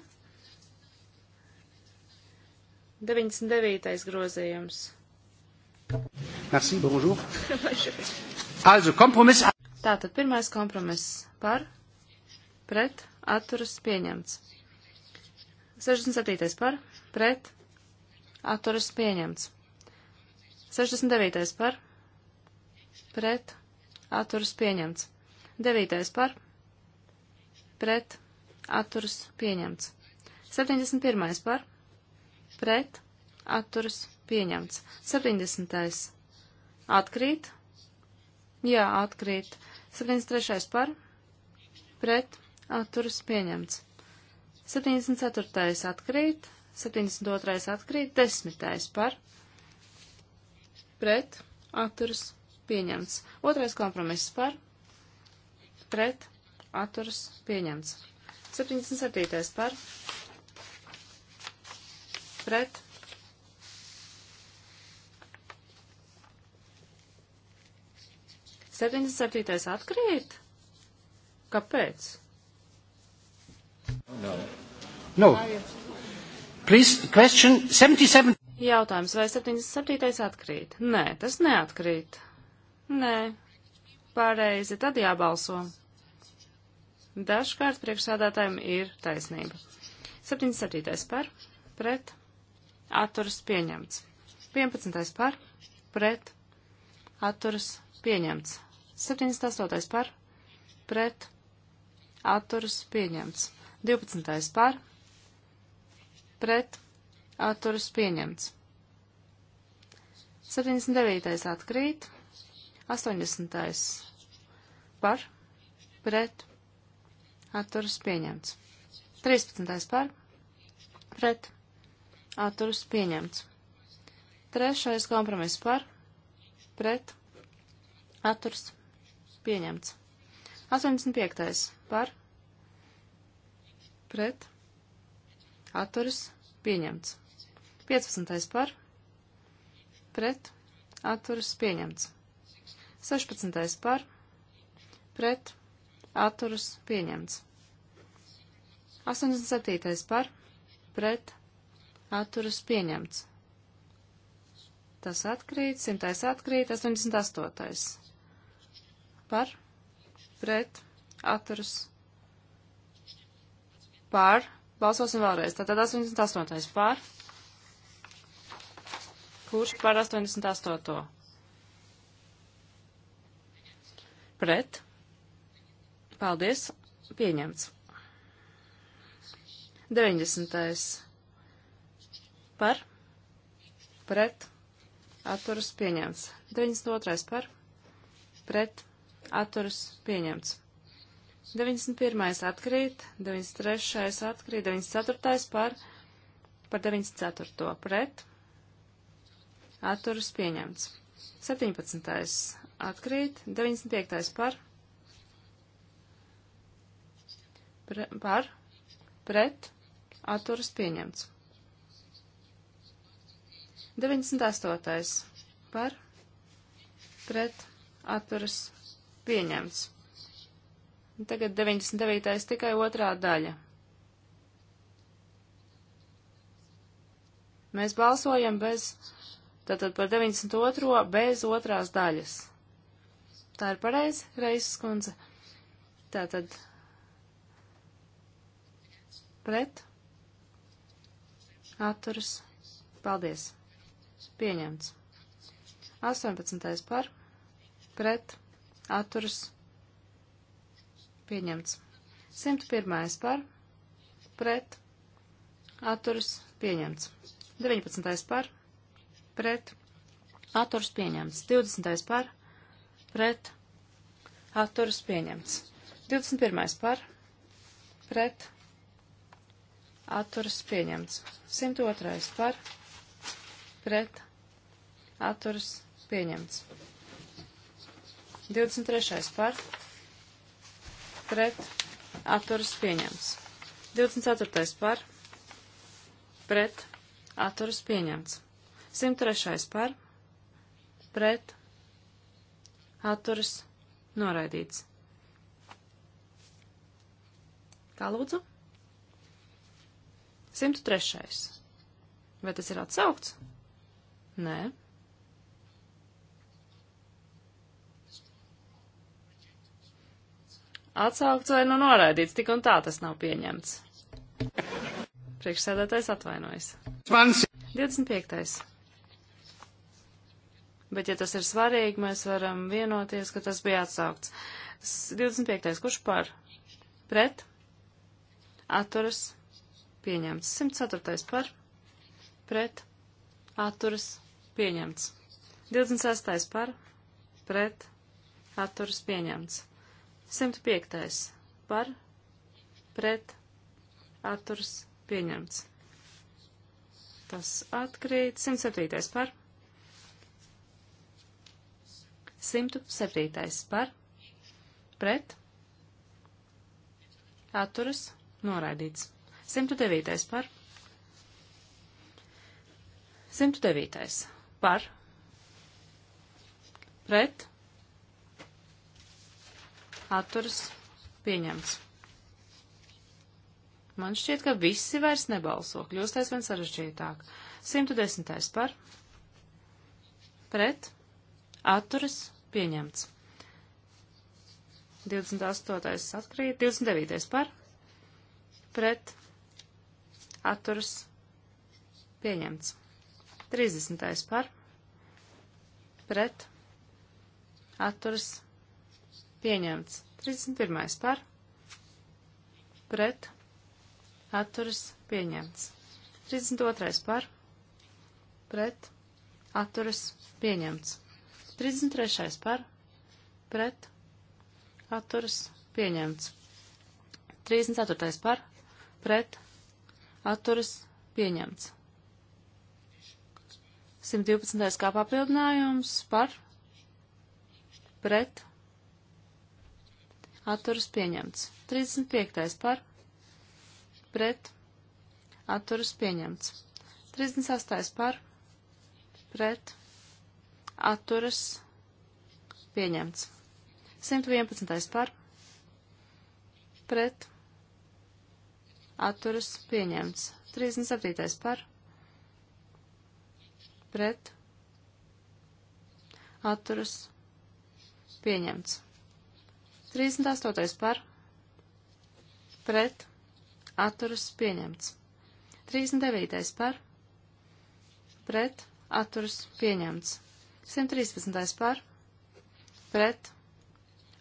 99. grozījums. Merci, bonjour. also, kompromiss. Tātad pirmais kompromiss par, pret, atturas pieņemts. 67. par, pret, atturas pieņemts. 69. par, pret, atturas pieņemts. 9. par, pret, atturas pieņemts. 71. par, pret, atturas pieņemts. 70. atkrīt, jā, atkrīt. 73. par, pret, atturas pieņemts. 74. atkrīt, 72. atkrīt, 10. par, pret, atturas pieņemts. Otrais kompromiss par, pret, atturas pieņemts. 77. par, pret, 77. atkrīt? Kāpēc? No. no. Please, question 77. Jautājums, vai 77. atkrīt? Nē, tas neatkrīt. Nē. Pareizi, tad jābalso. Dažkārt priekšsādātājiem ir taisnība. 77. par, pret, atturas pieņemts. 11. par, pret, atturas pieņemts. 78. par, pret, atturas pieņemts. 12. par, pret, atturas pieņemts. 79. atkrīt, 80. par, pret, atturas pieņemts. 13. par, pret, atturas pieņemts. Trešais kompromiss par, pret, atturas pieņemts. Atturs Pieņemts. 85. par pret atturas pieņemts. 15. par pret atturas pieņemts. 16. par pret atturas pieņemts. 87. par pret atturas pieņemts. Tas atkrīt, 100. atkrīt, 88 par, pret, atturas, par, balsosim vēlreiz, tātad 88. par, kurš par 88. Pret, paldies, pieņemts. 90. par, pret, atturas pieņemts. 92. par, pret, atturas pieņemts. 91. atkrīt, 93. atkrīt, 94. par, par 94. pret, atturas pieņemts. 17. atkrīt, 95. par, pre, par, pret, atturas pieņemts. 98. par, pret, atturas pieņemts Pieņemts. Tagad 99. tikai otrā daļa. Mēs balsojam bez, tātad par 92. bez otrās daļas. Tā ir pareizi, Reisas kundze. Tātad pret atturas. Paldies. Pieņemts. 18. par pret atturas pieņemts. 101. par pret atturas pieņemts. 19. par pret atturas pieņemts. 20. par pret atturas pieņemts. 21. par pret atturas pieņemts. 102. par pret atturas pieņemts. 23. par pret atturas pieņemts. 24. par pret atturas pieņemts. 103. par pret atturas noraidīts. Kā lūdzu? 103. Vai tas ir atsaukts? Nē. atsaukts vai nu noraidīts, tik un tā tas nav pieņemts. Priekšsēdētājs atvainojas. 25. Bet, ja tas ir svarīgi, mēs varam vienoties, ka tas bija atsaukts. 25. Kurš par? Pret? Atturas? Pieņemts. 104. par? Pret? Atturas? Pieņemts. 26. par? Pret? Atturas? Pieņemts. 105. par pret atturs pieņemts. Tas atkrīt. 107. par 107. par pret atturs noraidīts. 109. par 109. par pret atturas pieņemts. Man šķiet, ka visi vairs nebalso, kļūst aizvien sarežģītāk. 110. par, pret, atturas pieņemts. 28. atkrīt, 29. par, pret, atturas pieņemts. 30. par, pret, atturas Pieņemts. 31. par. Pret. Atturas. Pieņemts. 32. par. Pret. Atturas. Pieņemts. 33. par. Pret. Atturas. Pieņemts. 34. par. Pret. Atturas. Pieņemts. 112. kā papildinājums par. Pret atturas pieņemts. 35. par, pret, atturas pieņemts. 38. par, pret, atturas pieņemts. 111. par, pret, atturas pieņemts. 37. par, pret, atturas pieņemts. 38. par pret atturas pieņemts. 39. par pret atturas pieņemts. 113. par pret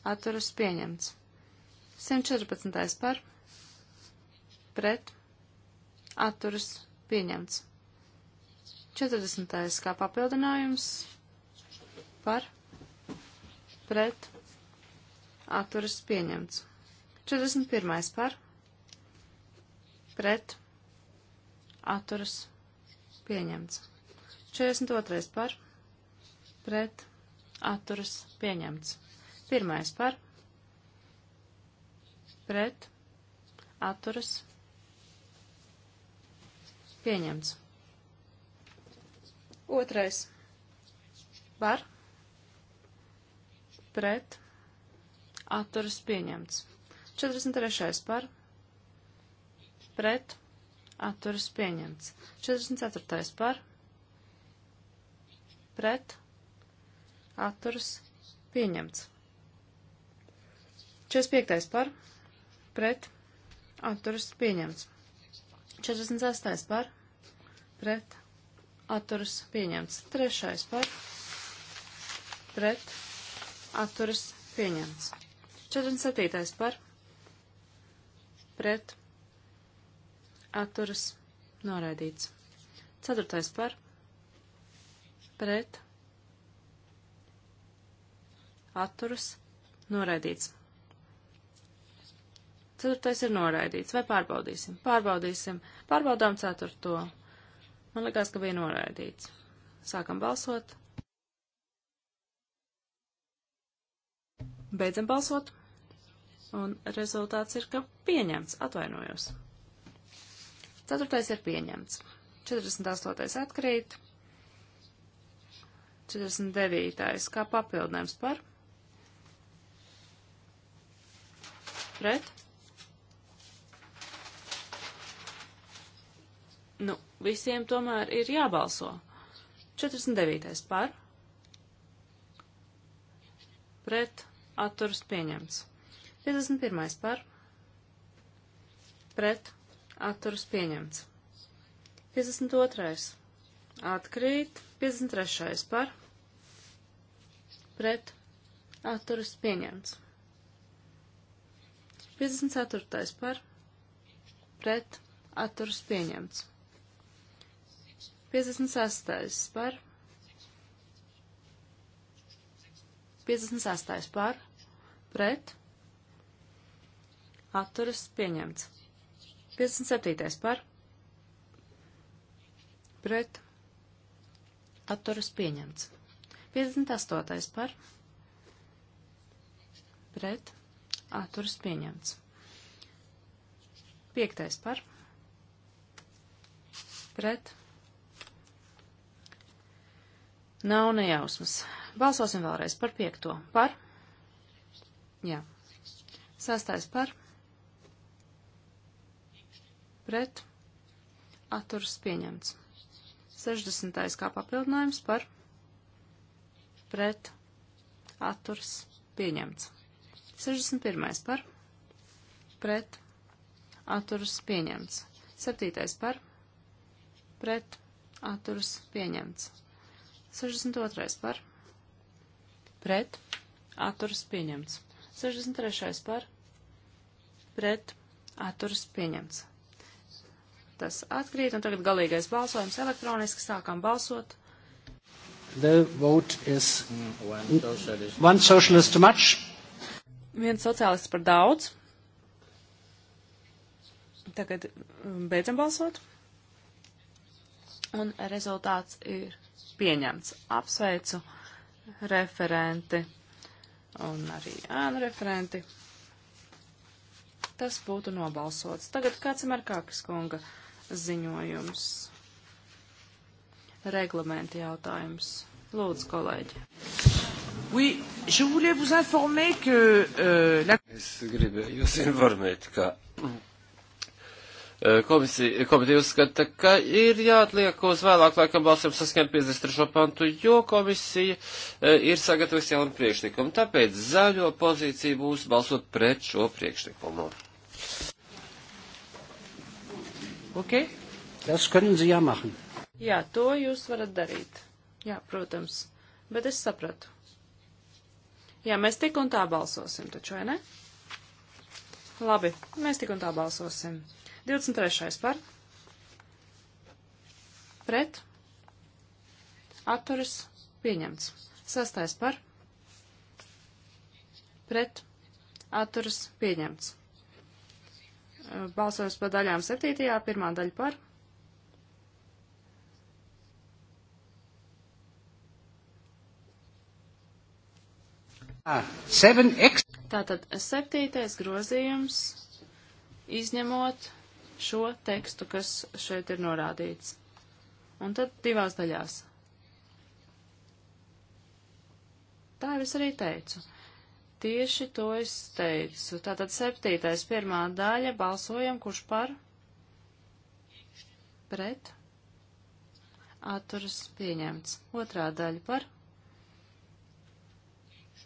atturas pieņemts. 114. par pret atturas pieņemts. 40. kā papildinājums par pret atturas pieņemts. 41. par pret atturas pieņemts. 42. par pret atturas pieņemts. 1. par pret atturas pieņemts. 2. par pret atturas pieņemts atturas pieņemts. 43. par pret atturas pieņemts. 44. par pret atturas pieņemts. 45. par pret atturas pieņemts. 46. par pret atturas pieņemts. 3. par pret atturas pieņemts. 47. par pret atturas noraidīts. 4. par pret atturas noraidīts. 4. ir noraidīts. Vai pārbaudīsim? Pārbaudīsim. Pārbaudām 4. Man liekas, ka bija noraidīts. Sākam balsot. Beidzam balsot. Un rezultāts ir, ka pieņemts, atvainojos. Ceturtais ir pieņemts. 48. atkrīt. 49. kā papildinājums par. Pret. Nu, visiem tomēr ir jābalso. 49. par. Pret. Atturas pieņemts. 51. par pret atturas pieņemts. 52. atkrīt. 53. par pret atturas pieņemts. 54. par pret atturas pieņemts. 56. par 58. par pret atturas pieņemts. 57. par pret atturas pieņemts. 58. par pret atturas pieņemts. 5. par pret nav nejausmas. Balsosim vēlreiz par 5. par jā. Sastais par pret atturas pieņemts. 60. kā papildinājums par pret atturas pieņemts. 61. par pret atturas pieņemts. 7. par pret atturas pieņemts. 62. par pret atturas pieņemts. 63. par pret atturas pieņemts tas atkrīt, un tagad galīgais balsojums elektroniski sākam balsot. The vote is one mm. socialist, one socialist too much. Viens sociālists par daudz. Tagad um, beidzam balsot. Un rezultāts ir pieņemts. Apsveicu referenti un arī ēnu referenti. Tas būtu nobalsots. Tagad kāds ir Markākas kunga ziņojums. Reglamenta jautājums. Lūdzu, kolēģi. Oui, je voulais vous informer que euh, la... Es gribēju jūs informēt, ka euh, komisija, komiteja uzskata, ka ir jāatliek uz vēlāk laikam balsiem saskana 53. pantu, jo komisija euh, ir sagatavojusi jaunu priekšlikumu. Tāpēc zaļo pozīciju būs balsot pret šo priekšlikumu. Okay? Tas können Sie ja machen. Jā, to jūs varat darīt. Jā, protams. Bet es sapratu. Jā, mēs tik un tā balsosim, taču, vai ne? Labi, mēs tik un tā balsosim. 23. par. Pret. Atturis. Pieņemts. 6. par. Pret. Atturis. Pieņemts. Balsojums pa daļām septītajā, pirmā daļa par. Ah, Tātad septītais grozījums, izņemot šo tekstu, kas šeit ir norādīts. Un tad divās daļās. Tā jau es arī teicu. Uh, Tieši to es teicu. Tātad septītais pirmā daļa. Balsojam, kurš par? Pret. Atturas pieņemts. Otrā daļa par?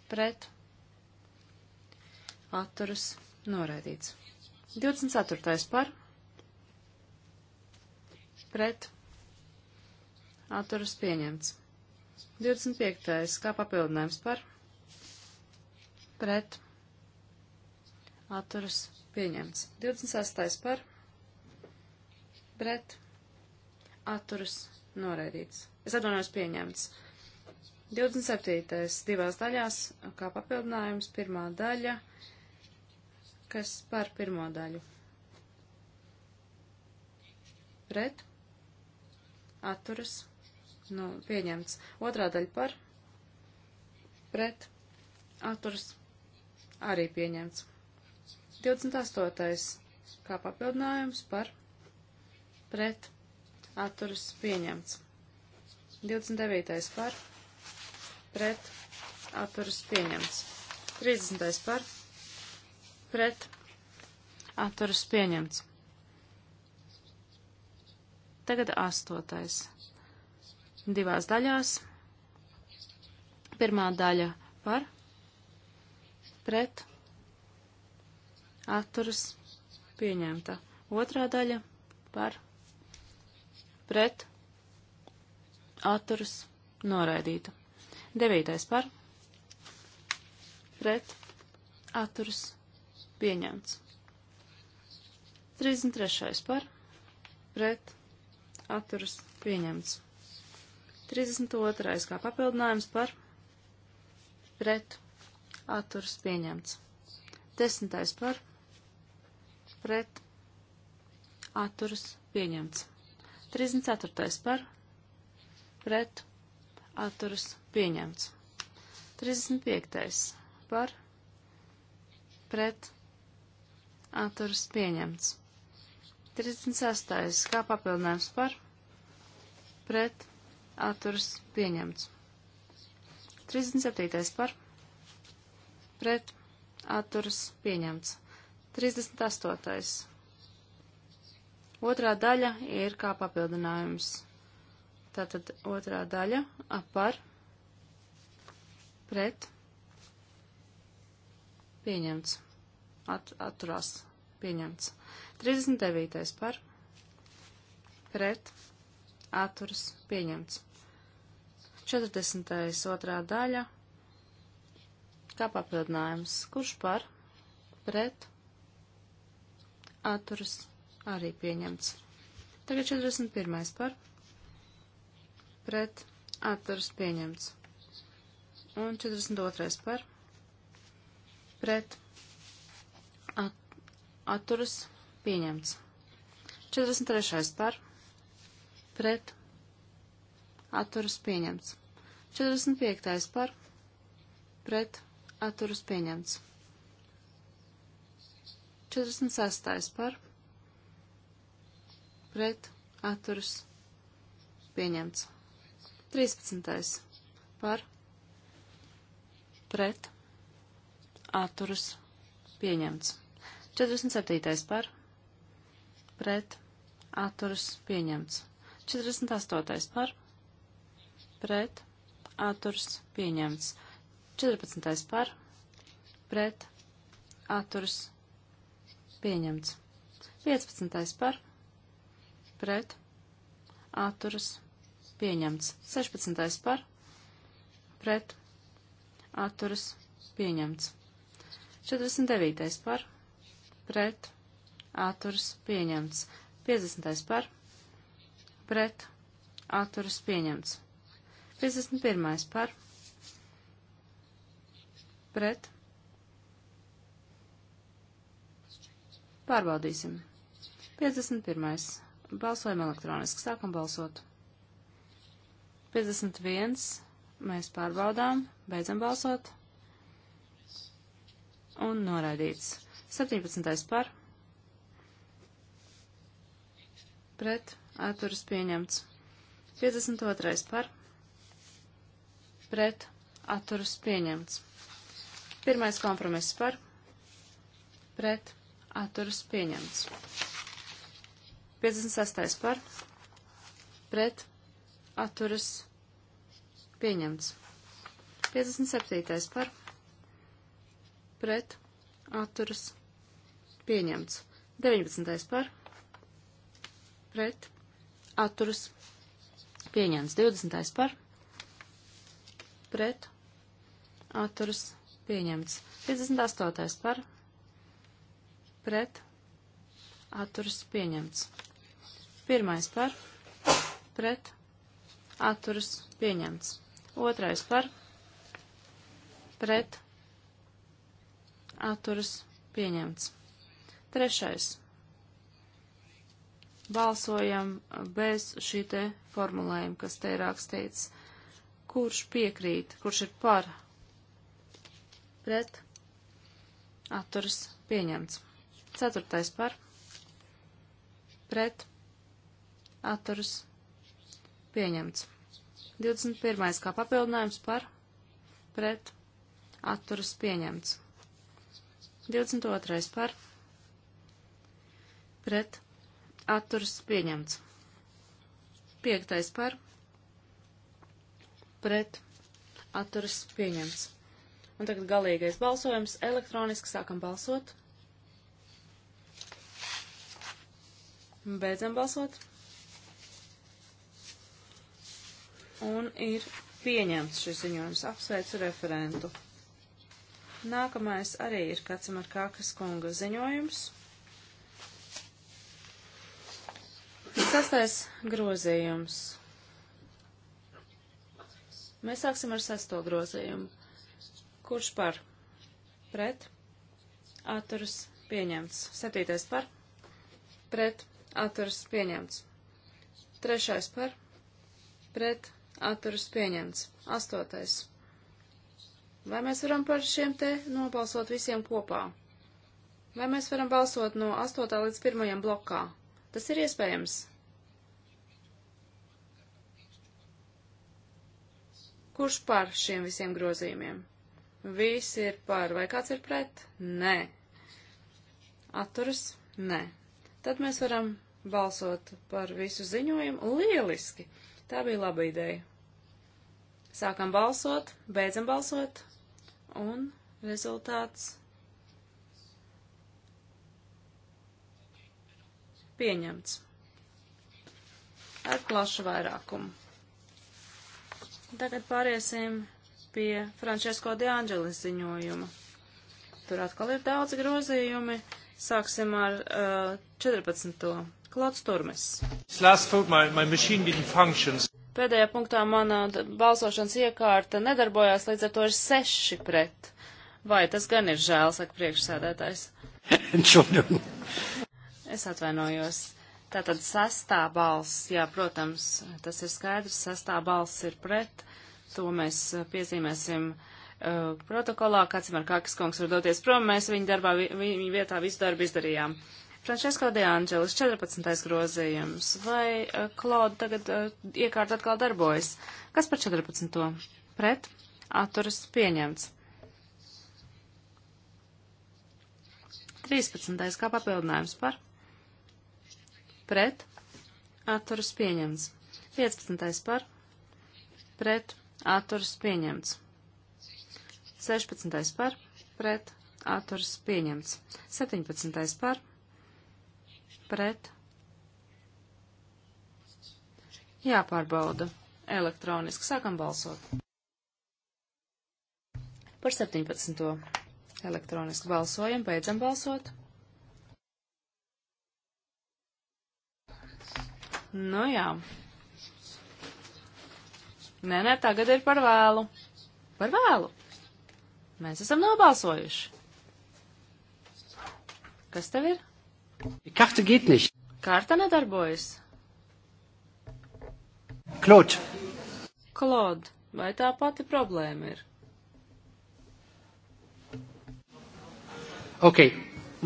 Pret. Atturas noraidīts. 24. par? Pret. Atturas pieņemts. 25. kā papildinājums par? Pret pret atturas pieņemts. 26. par pret atturas noraidīts. Es atvainojos pieņemts. 27. divās daļās, kā papildinājums, pirmā daļa, kas par pirmo daļu. Pret atturas nu, pieņemts. Otrā daļa par pret atturas pieņemts arī pieņemts. 28. kā papildinājums par pret atturas pieņemts. 29. par pret atturas pieņemts. 30. par pret atturas pieņemts. Tagad 8. divās daļās. Pirmā daļa par pret atturas pieņemta. Otrā daļa par pret atturas noraidīta. Devītais par pret atturas pieņemts. 33. par pret atturas pieņemts. 32. kā papildinājums par pret atturas pieņemts. Desmitais par pret atturas pieņemts. 34. par pret atturas pieņemts. 35. par pret atturas pieņemts. 36. kā papildinājums par pret atturas pieņemts. 37. par pret pret atturas pieņemts. 38. Otrā daļa ir kā papildinājums. Tātad otrā daļa par pret pieņemts. At, atturās pieņemts. 39. par pret atturas pieņemts. 40. otrā daļa kā papildinājums. Kurš par? Pret? Atturas arī pieņemts. Tagad 41. par? Pret? Atturas pieņemts. Un 42. par? Pret? At, atturas pieņemts. 43. par? Pret? Atturas pieņemts. 45. par? Pret? atturas pieņemts. 46. par pret atturas pieņemts. 13. par pret atturas pieņemts. 47. par pret atturas pieņemts. 48. par pret atturas pieņemts. 14. par, pret, atturas, pieņemts. 15. par, pret, atturas, pieņemts. 16. par, pret, atturas, pieņemts. 49. par, pret, atturas, pieņemts. 50. par, pret, atturas, pieņemts. 51. par, pret, Pret. Pārbaudīsim. 51. Balsojam elektroniski. Sākam balsot. 51. Mēs pārbaudām. Beidzam balsot. Un noraidīts. 17. par. Pret. Atturas pieņemts. 52. par. Pret. Atturas pieņemts. Pirmais kompromiss par pret atturas pieņemts. 56. par pret atturas pieņemts. 57. par pret atturas pieņemts. 19. par pret atturas pieņemts. 20. par pret atturas pieņemts pieņemts. 58. par pret atturas pieņemts. 1. par pret atturas pieņemts. 2. par pret atturas pieņemts. 3. Balsojam bez šī te formulējuma, kas te ir rakstīts. Kurš piekrīt, kurš ir par pret atturas pieņemts. Ceturtais par pret atturas pieņemts. 21. kā papildinājums par pret atturas pieņemts. 22. par pret atturas pieņemts. 5. par pret atturas pieņemts. Un tagad galīgais balsojums. Elektroniski sākam balsot. Beidzam balsot. Un ir pieņemts šis ziņojums. Apsveicu referentu. Nākamais arī ir Kacimar Kākas kunga ziņojums. Sastais grozījums. Mēs sāksim ar sesto grozījumu Kurš par? Pret. Atturas pieņemts. Septītais par. Pret. Atturas pieņemts. Trešais par. Pret. Atturas pieņemts. Astotais. Vai mēs varam par šiem te nobalsot visiem kopā? Vai mēs varam balsot no 8. līdz 1. blokā? Tas ir iespējams. Kurš par šiem visiem grozījumiem? Visi ir par. Vai kāds ir pret? Nē. Atturas? Nē. Tad mēs varam balsot par visu ziņojumu. Lieliski! Tā bija laba ideja. Sākam balsot, beidzam balsot, un rezultāts pieņemts ar plašu vairākumu. Tagad pāriesim pie Francesco de Angelis ziņojuma. Tur atkal ir daudz grozījumi. Sāksim ar uh, 14. Klots Turmes. Pēdējā punktā mana balsošanas iekārta nedarbojās, līdz ar to ir seši pret. Vai tas gan ir žēl, saka priekšsēdētājs. es atvainojos. Tātad sastā balss, jā, protams, tas ir skaidrs, sastā balss ir pret to mēs eh, piezīmēsim uh, protokolā. Kāds man kākas kungs var doties prom, mēs viņa darbā, viņa vietā visu darbu izdarījām. Frančesko de Angelis, 14. grozījums. Vai uh, eh, Klauda tagad uh, iekārt atkal darbojas? Kas par 14. pret? Atturas pieņemts. 13. kā papildinājums par? Pret? Atturas pieņemts. 15. par? Pret? atturas pieņemts. 16. par, pret, atturas pieņemts. 17. par, pret, jāpārbauda elektroniski. Sākam balsot. Par 17. elektroniski balsojam, beidzam balsot. Nu jā, Nē, nē, tagad ir par vēlu. Par vēlu. Mēs esam nobalsojuši. Kas tev ir? Karte geht nicht. Karta nedarbojas. Klod. Klod, vai tā pati problēma ir? Ok,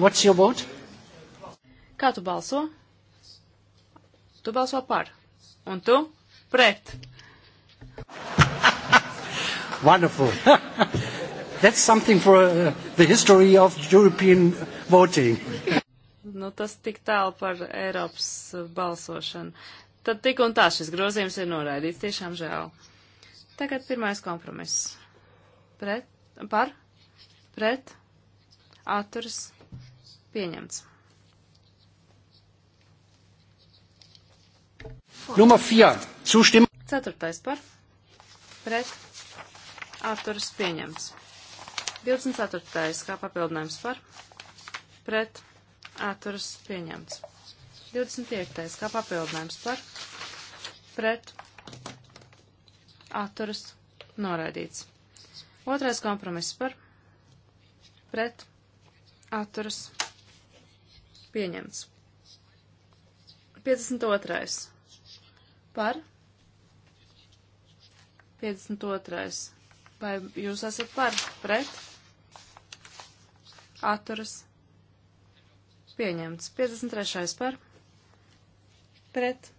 what's your vote? Kā tu balso? Tu balso par. Un tu? Pret. Wonderful. That's something for uh, the history of European voting. Nu, tas tik tālu par Eiropas balsošanu. Tad tik un tā šis grozījums ir noraidīts. Tiešām žēl. Tagad pirmais kompromiss. Pret, par, pret, atturas, pieņemts. Numur 4. Ceturtais par, pret, atturas pieņemts. 24. kā papildinājums par pret atturas pieņemts. 25. kā papildinājums par pret atturas noraidīts. Otrais kompromiss par pret atturas pieņemts. 52. par 52. Vai jūs esat par, pret, atturas, pieņemts. 53. par, pret,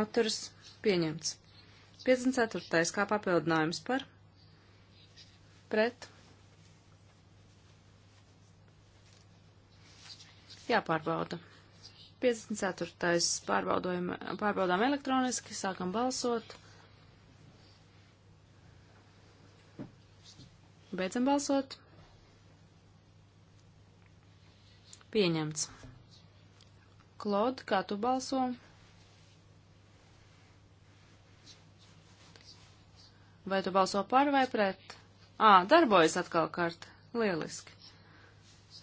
atturas, pieņemts. 54. kā papildinājums par, pret. Jāpārbauda. 54. pārbaudām elektroniski, sākam balsot. Beidzam balsot. Pieņemts. Klod, kā tu balso? Vai tu balso par vai pret? Ā, darbojas atkal karta. Lieliski.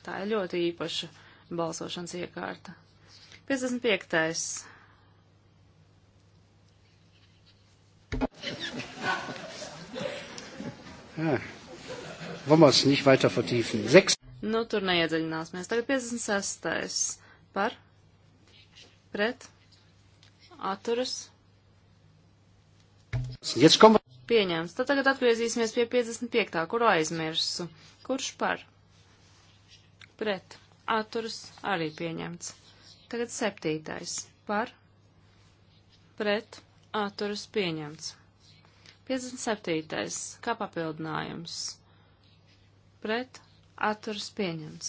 Tā ir ļoti īpaša balsošanas iekārta. 55. Yeah wollen wir es nicht weiter vertiefen. Sechs. Nu, tur neiedziļināsimies. Tagad 56. Par? Pret? Atturas? Pieņems. Tad tagad atgriezīsimies pie 55. Kuru aizmirsu? Kurš par? Pret. Atturas arī pieņemts. Tagad septītais. Par? Pret. Atturas pieņemts. 57. Kā papildinājums? pret, atturas pieņemts.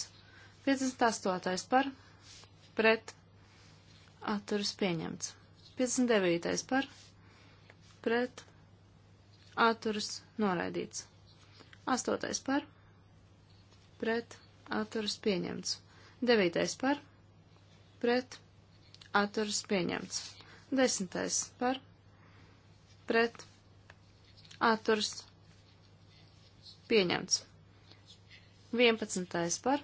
58. par, pret, atturas pieņemts. 59. par, pret, atturas noraidīts. 8. par, pret, atturas pieņemts. 9. par, pret, atturas pieņemts. 10. par, pret, atturas pieņemts. 11. par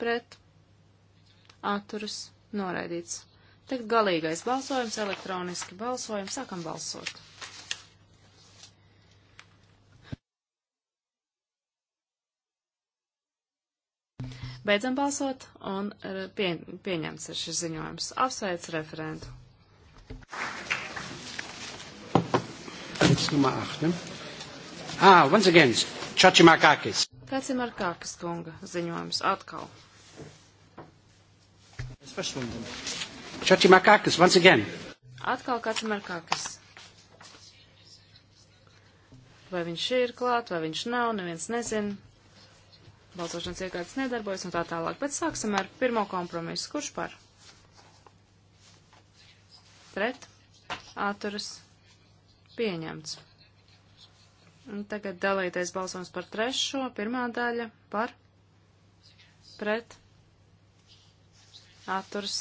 pret atturas noraidīts. Tagad galīgais balsojums, elektroniski balsojums, sākam balsot. Beidzam balsot un eh, pie, pieņemts ir šis ziņojums. Apsveic referentu. Jetzt Nummer 8. Ne? Ah, once again, Čačimakakis. Kacimarkakis kunga ziņojums atkal. Čačimakakis, once again. Atkal Kacimarkakis. Vai viņš ir klāt, vai viņš nav, neviens nezin. Balsošanas iekārtas nedarbojas un tā tālāk. Bet sāksim ar pirmo kompromisu. Kurš par? Pret? Āturas? Pieņemts. Un tagad dalīties balsojums par trešo, pirmā daļa, par, pret, atturs,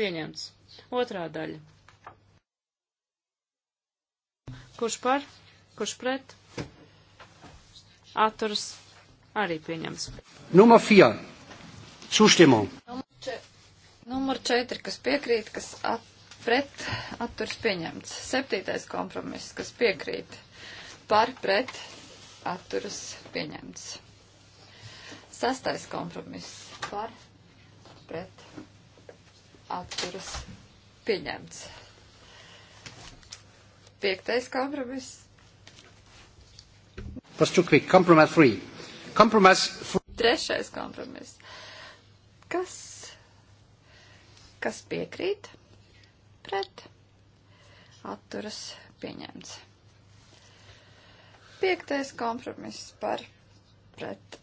pieņemts. Otrā daļa. Kurš par, kurš pret, atturs, arī pieņems. Numur 4. Sustimmung. Numur 4, kas piekrīt, kas at, pret, atturs pieņemts. Septītais kompromiss, kas piekrīt par pret atturas pieņemts. Sastais kompromiss par pret atturas pieņemts. Piektais kompromiss. Was too quick. Compromise free. Compromise free. Trešais kompromiss. Kas, kas piekrīt pret atturas pieņemts. Piektais kompromiss par pret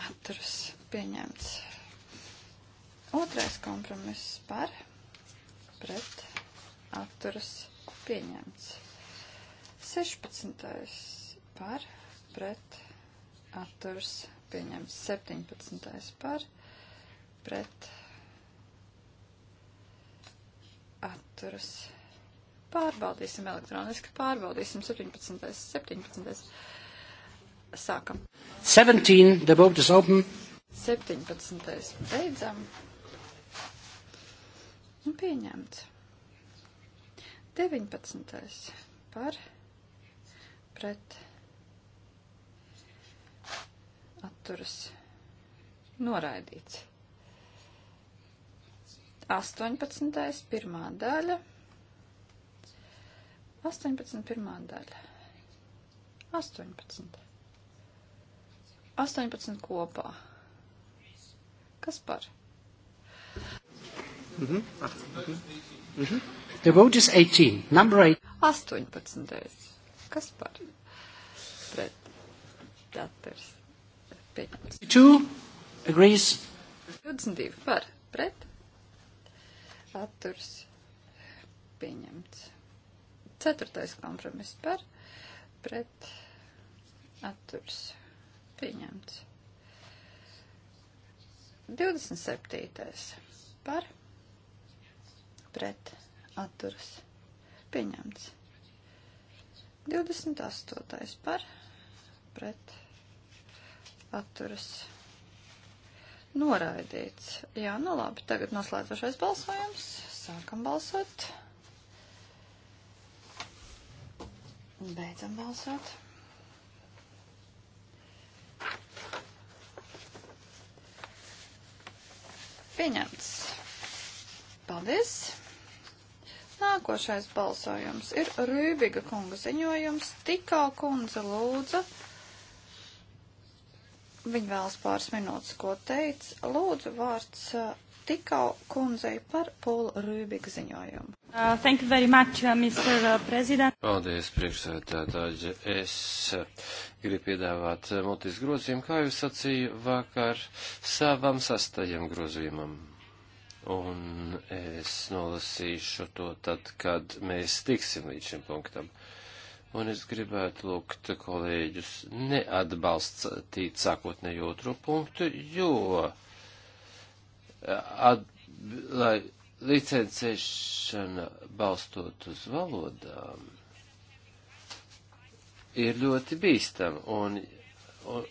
atturas pieņemts. Otrais kompromiss par pret atturas pieņemts. 16. par pret atturas pieņemts. 17. par pret atturas pieņemts Pārbaudīsim elektroniski, pārbaudīsim 17. 17. Sākam. 17. The vote is open. 17. Beidzam. Un nu, pieņemts. 19. par pret atturas noraidīts. 18. pirmā daļa 18.1. daļa. 18. 18 kopā. Kas par? Mm -hmm. Mm -hmm. The vote is 18. Number 8. 18. Kas par? Pret. Daters. Pieņemts. 2 agrees. 22 par. Pret. Atturs. Pieņemts. Ceturtais kompromiss par pret atturs pieņemts. 27. par pret atturs pieņemts. 28. par pret atturas noraidīts. Jā, nu labi, tagad noslēdzošais balsojums. Sākam balsot. Beidzam balsot. Pieņemts. Paldies. Nākošais balsojums ir Rībiga kunga ziņojums. Tikā kundze lūdza. Viņa vēlas pāris minūtes, ko teica. Lūdzu, vārds tikau kundzei par Pūla Rūbiga ziņojumu. Uh, thank you very much, uh, Mr. Uh, president. Paldies, priekšsētātāģi. Es uh, gribu piedāvāt uh, mutis grozījumu, kā jūs sacīju vakar, savam sastajam grozījumam. Un es nolasīšu to tad, kad mēs tiksim līdz šim punktam. Un es gribētu lūgt kolēģus neatbalstīt sākotnējo otro punktu, jo Uh, at, lai licencēšana balstot uz valodām ir ļoti bīstama, un, un,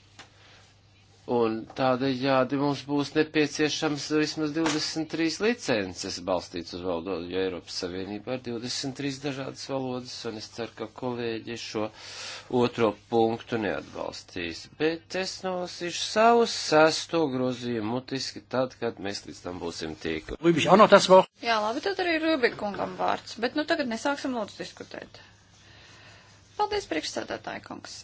Un tādējādi mums būs nepieciešams vismaz 23 licences balstīts uz valodu, jo Eiropas Savienībā ir 23 dažādas valodas, un es ceru, ka kolēģi šo otro punktu neatbalstīs. Bet es nolasīšu savu sesto grozījumu mutiski tad, kad mēs līdz tam būsim tīkli. Jā, labi, tad arī Rubikungam vārds, bet nu tagad nesāksim lūdzu diskutēt. Paldies, priekšsēdētāji kungs.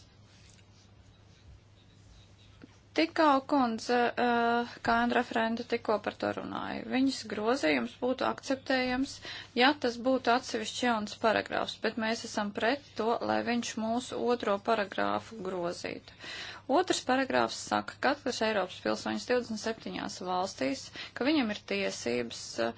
Tikau kundze, eh, kā Andra Frenda tikko par to runāja, viņas grozījums būtu akceptējams, ja tas būtu atsevišķi jauns paragrāfs, bet mēs esam pret to, lai viņš mūsu otro paragrāfu grozītu. Otrs paragrāfs saka, ka katrs Eiropas pilsoņas 27 valstīs, ka viņam ir tiesības uh,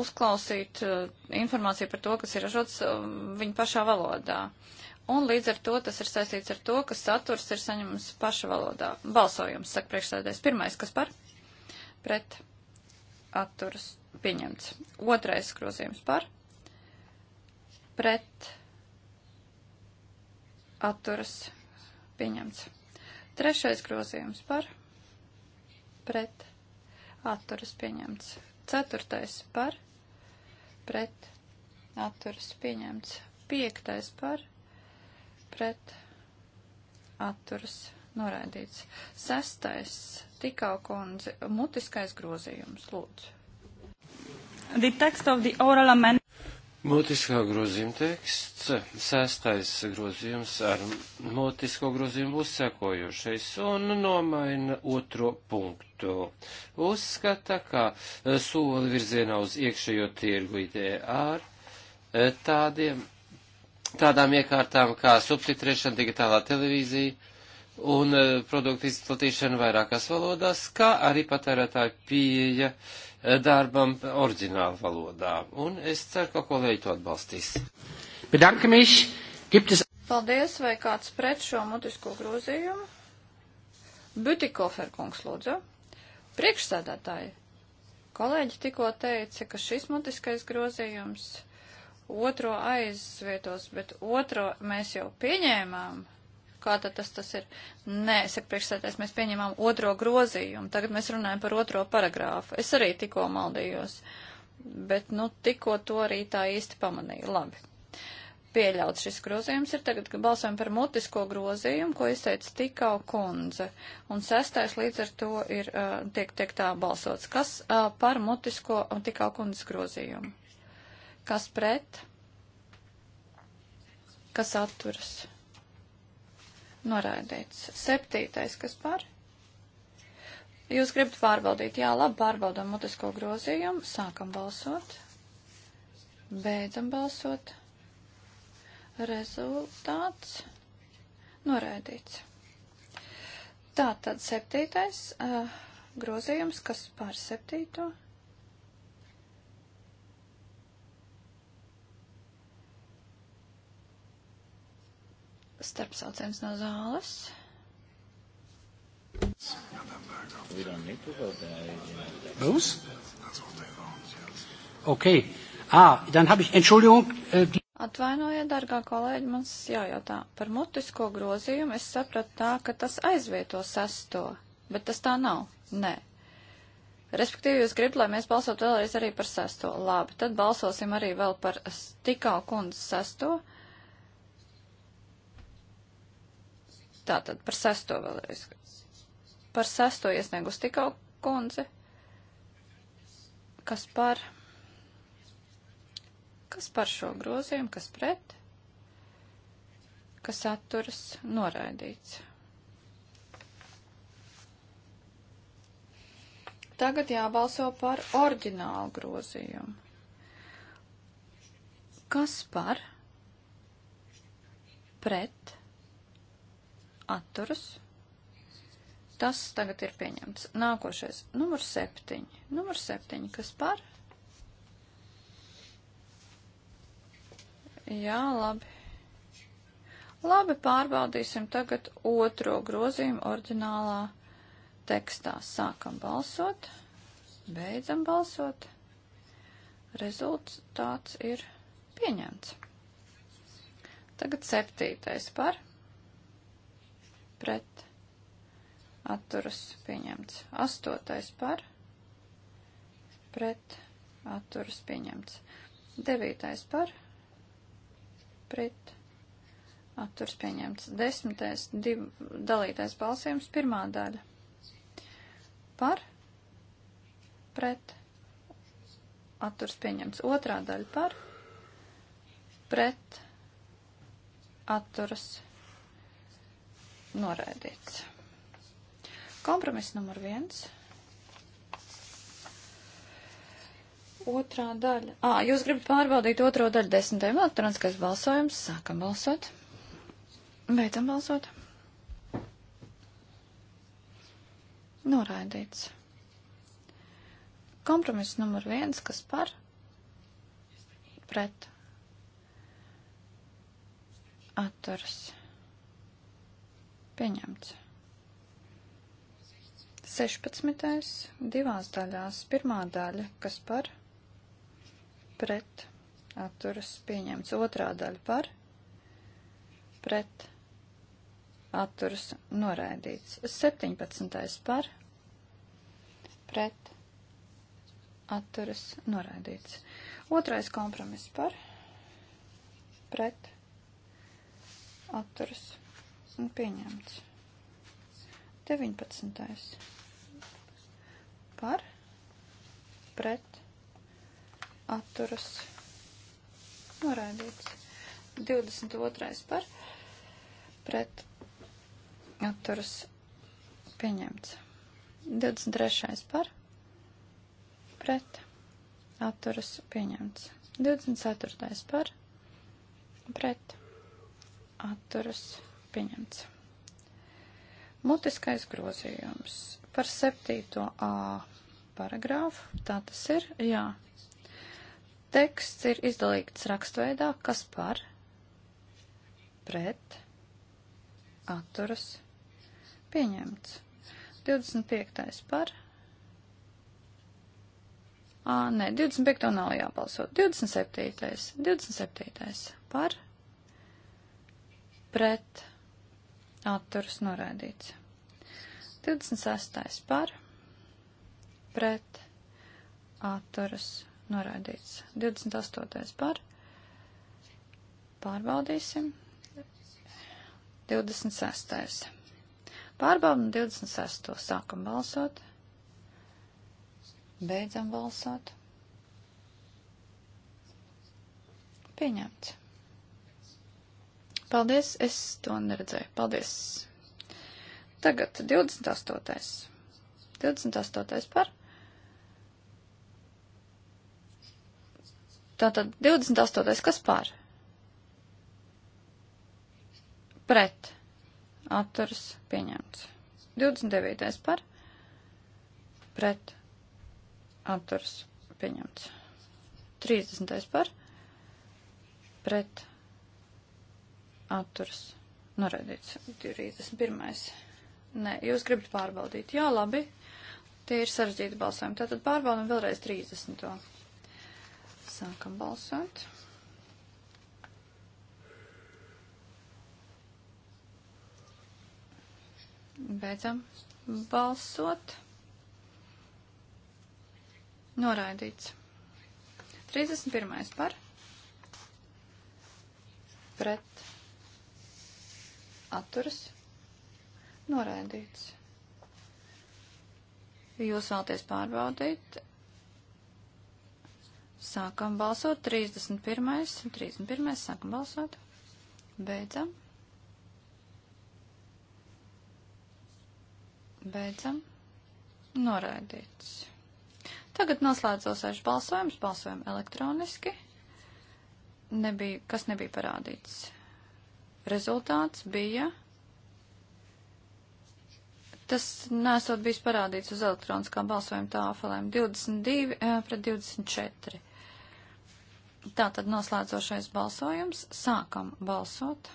uzklausīt uh, informāciju par to, kas ir ražots uh, viņa pašā valodā. Uh, Un līdz ar to tas ir saistīts ar to, ka saturs ir saņemams paša valodā. Balsojums, saka priekšsēdēs. Pirmais, kas par? Pret. Atturas. Pieņemts. Otrais grozījums par? Pret. Atturas. Pieņemts. Trešais grozījums par? Pret. Atturas. Pieņemts. Ceturtais par? Pret. Atturas. Pieņemts. Piektais par? Pret pret atturas noraidīts. Sestais tikau kundze mutiskais grozījums, lūdzu. The text of the oral amendment. Mutiskā grozījuma teksts, sestais grozījums ar mutisko grozījumu būs sekojošais un nomaina otro punktu. Uzskata, ka soli virzienā uz iekšējo tirgu IDR tādiem tādām iekārtām kā subtitrēšana, digitālā televīzija un eh, produktu izplatīšana vairākās valodās, kā arī patērētāju pieeja eh, darbam oriģinālu valodā. Un es ceru, ka kolēģi to atbalstīs. Paldies, vai kāds pret šo mutisko grozījumu? Butikofer kungs lūdzu. Priekšsēdētāji, kolēģi tikko teica, ka šis mutiskais grozījums otro aizvietos, bet otro mēs jau pieņēmām. Kā tad tas, tas ir? Nē, saka priekšsētājs, mēs pieņēmām otro grozījumu. Tagad mēs runājam par otro paragrāfu. Es arī tikko maldījos. Bet, nu, tikko to arī tā īsti pamanīju. Labi. Pieļauts šis grozījums ir tagad, ka balsojam par mutisko grozījumu, ko izteica tikau kundze. Un sestais līdz ar to ir, tiek, tiek tā balsots. Kas par mutisko un tikau kundzes grozījumu? Kas pret? Kas atturas? Noraidīts. Septītais, kas par? Jūs gribat pārbaudīt. Jā, labi, pārbaudam mutisko grozījumu. Sākam balsot. Beidzam balsot. Rezultāts noraidīts. Tātad septītais uh, grozījums, kas pār septīto. starpsaucējums no zāles. We don't need to vote the agenda. Those? That's what they want, yes. Okay. Ah, dann habe ich, Entschuldigung. Äh, Atvainojiet, dargā kolēģi, man jājautā par mutisko grozījumu. Es sapratu tā, ka tas aizvieto sesto, bet tas tā nav. Nē. Respektīvi, jūs gribat, lai mēs balsotu vēlreiz arī par sesto. Labi, tad balsosim arī vēl par tikā kundzes sesto. Uh, Tātad par sesto vēlreiz. Par sesto iesniegus tikau kundze. Kas par? Kas par šo grozījumu? Kas pret? Kas atturas? Noraidīts. Tagad jābalso par oriģinālu grozījumu. Kas par? Pret? atturas. Tas tagad ir pieņemts. Nākošais, numur septiņi. Numur septiņi, kas par? Jā, labi. Labi, pārbaudīsim tagad otro grozījumu oriģinālā tekstā. Sākam balsot, beidzam balsot. Rezultāts ir pieņemts. Tagad septītais par pret atturas pieņemts. Astotais par pret atturas pieņemts. Devītais par pret atturas pieņemts. Desmitais div, dalītais balsījums pirmā daļa par pret atturas pieņemts. Otrā daļa par pret atturas pieņemts noraidīts. Kompromiss numur viens. Otrā daļa. Ā, jūs gribat pārbaudīt otro daļu desmitajam elektroniskais balsojums. Sākam balsot. Beidzam balsot. Noraidīts. Kompromiss numur viens, kas par pret atturas Pieņemts. 16. divās daļās. Pirmā daļa, kas par pret atturas pieņemts. Otrā daļa par pret atturas noraidīts. 17. par pret atturas noraidīts. Otrais kompromiss par pret atturas noraidīts Un pieņemts. 19. Par, pret, atturas, noraidīts. 22. par, pret, atturas, pieņemts. 23. par, pret, atturas, pieņemts. 24. par, pret, atturas, pieņemts pieņemts. Mutiskais grozījums par 7. A paragrāfu. Tā tas ir, jā. Teksts ir izdalīts rakstveidā, kas par, pret, atturas, pieņemts. 25. par. Ā, nē, 25. nav jābalso. 27. 27. par, pret, atturas atturas noraidīts. 26. par, pret, atturas noraidīts. 28. par, pārbaudīsim. 26. Pārbaudam 26. sākam balsot. Beidzam balsot. Pieņemts. Paldies, es to neredzēju. Paldies. Tagad 28. 28. par. Tātad 28. kas par? Pret. Atturs pieņemts. 29. par. Pret. Atturs pieņemts. 30. par. Pret atturas noraidīts. 31. Nē, jūs gribat pārbaudīt. Jā, labi. Tie ir sarežģīti balsojumi. Tātad pārbaudam vēlreiz 30. Sākam balsot. Beidzam balsot. Noraidīts. 31. par. Pret atturas noraidīts. Jūs vēlties pārbaudīt. Sākam balsot 31. 31. sākam balsot. Beidzam. Beidzam. Noraidīts. Tagad noslēdzošais balsojums. Balsojam elektroniski. Nebija, kas nebija parādīts. Rezultāts bija. Tas nesot bijis parādīts uz elektroniskām balsojuma tāfelēm 22 eh, pret 24. Tātad noslēdzošais balsojums. Sākam balsot.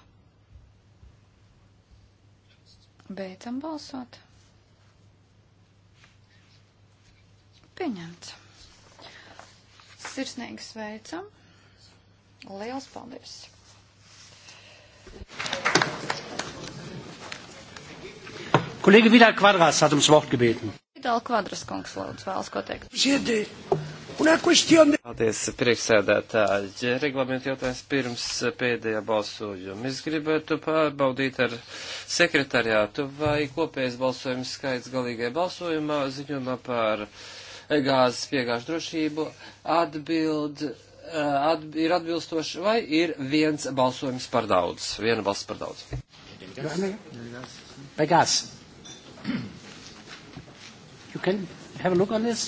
Beidzam balsot. Pieņemts. Sirsnīgi sveicam. Liels paldies! Kolēģi Vidal Kvadrās hat ums vārdu gebeten. Vidal Kvadrās kungs lūdzu vēlas ko teikt. Žiedi. Paldies, priekšsēdētāji. Reglamenta jautājums pirms pēdējā balsojuma. Es gribētu pārbaudīt ar sekretariātu, vai kopējais balsojums skaits galīgajā balsojumā ziņojumā par gāzes piegāžu drošību atbild Eh, at, ir atbilstoši, vai ir viens balsojums par daudz, viena balss par daudz. Begas. You can have a look on this.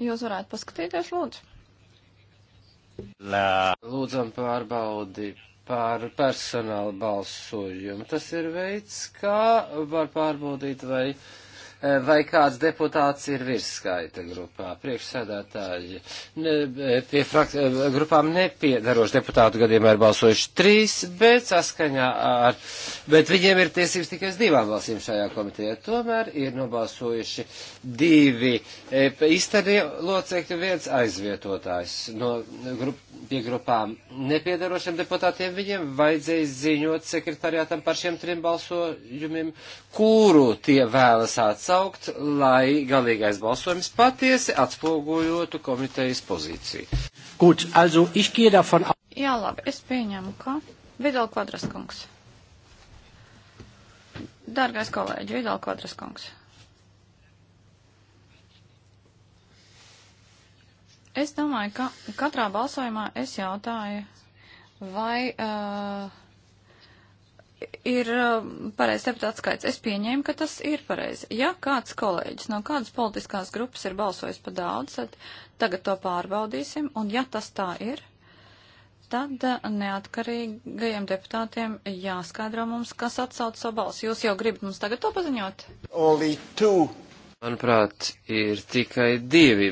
Jūs varētu paskatīties, lūdzu. Lā. Lūdzam pārbaudi par personālu balsojumu. Tas ir veids, kā var pārbaudīt, vai uh, Eh, vai kāds deputāts ir virsskaita grupā. Priekšsēdētāji ne, eh, pie frakt, eh, grupām nepiedarošu deputātu gadījumā ir balsojuši trīs, bet saskaņā ar, bet viņiem ir tiesības tikai uz divām balsīm šajā komitejā. Tomēr ir nobalsojuši divi iztenie locekļi, viens aizvietotājs. No grup, pie grupām nepiedarošiem deputātiem viņiem vajadzēja ziņot sekretariātam par šiem trim balsojumiem, kuru tie vēlas atsākt atsaukts, lai galīgais balsojums patiesi atspoguļotu komitejas pozīciju. Gut, also ich gehe davon aus. Jā, labi, es pieņemu, ka Vidal Kvadras kungs. Dārgais kolēģi, Vidal Kvadras kungs. Es domāju, ka katrā balsojumā es jautāju, vai uh, ir um, pareizs deputāts skaits. Es pieņēmu, ka tas ir pareizi. Ja kāds kolēģis no kādas politiskās grupas ir balsojis pa daudz, tad tagad to pārbaudīsim, un ja tas tā ir, tad uh, neatkarīgajiem deputātiem jāskaidro mums, kas atsauc savu balsu. Jūs jau gribat mums tagad to paziņot? Only two Manuprāt, ir tikai divi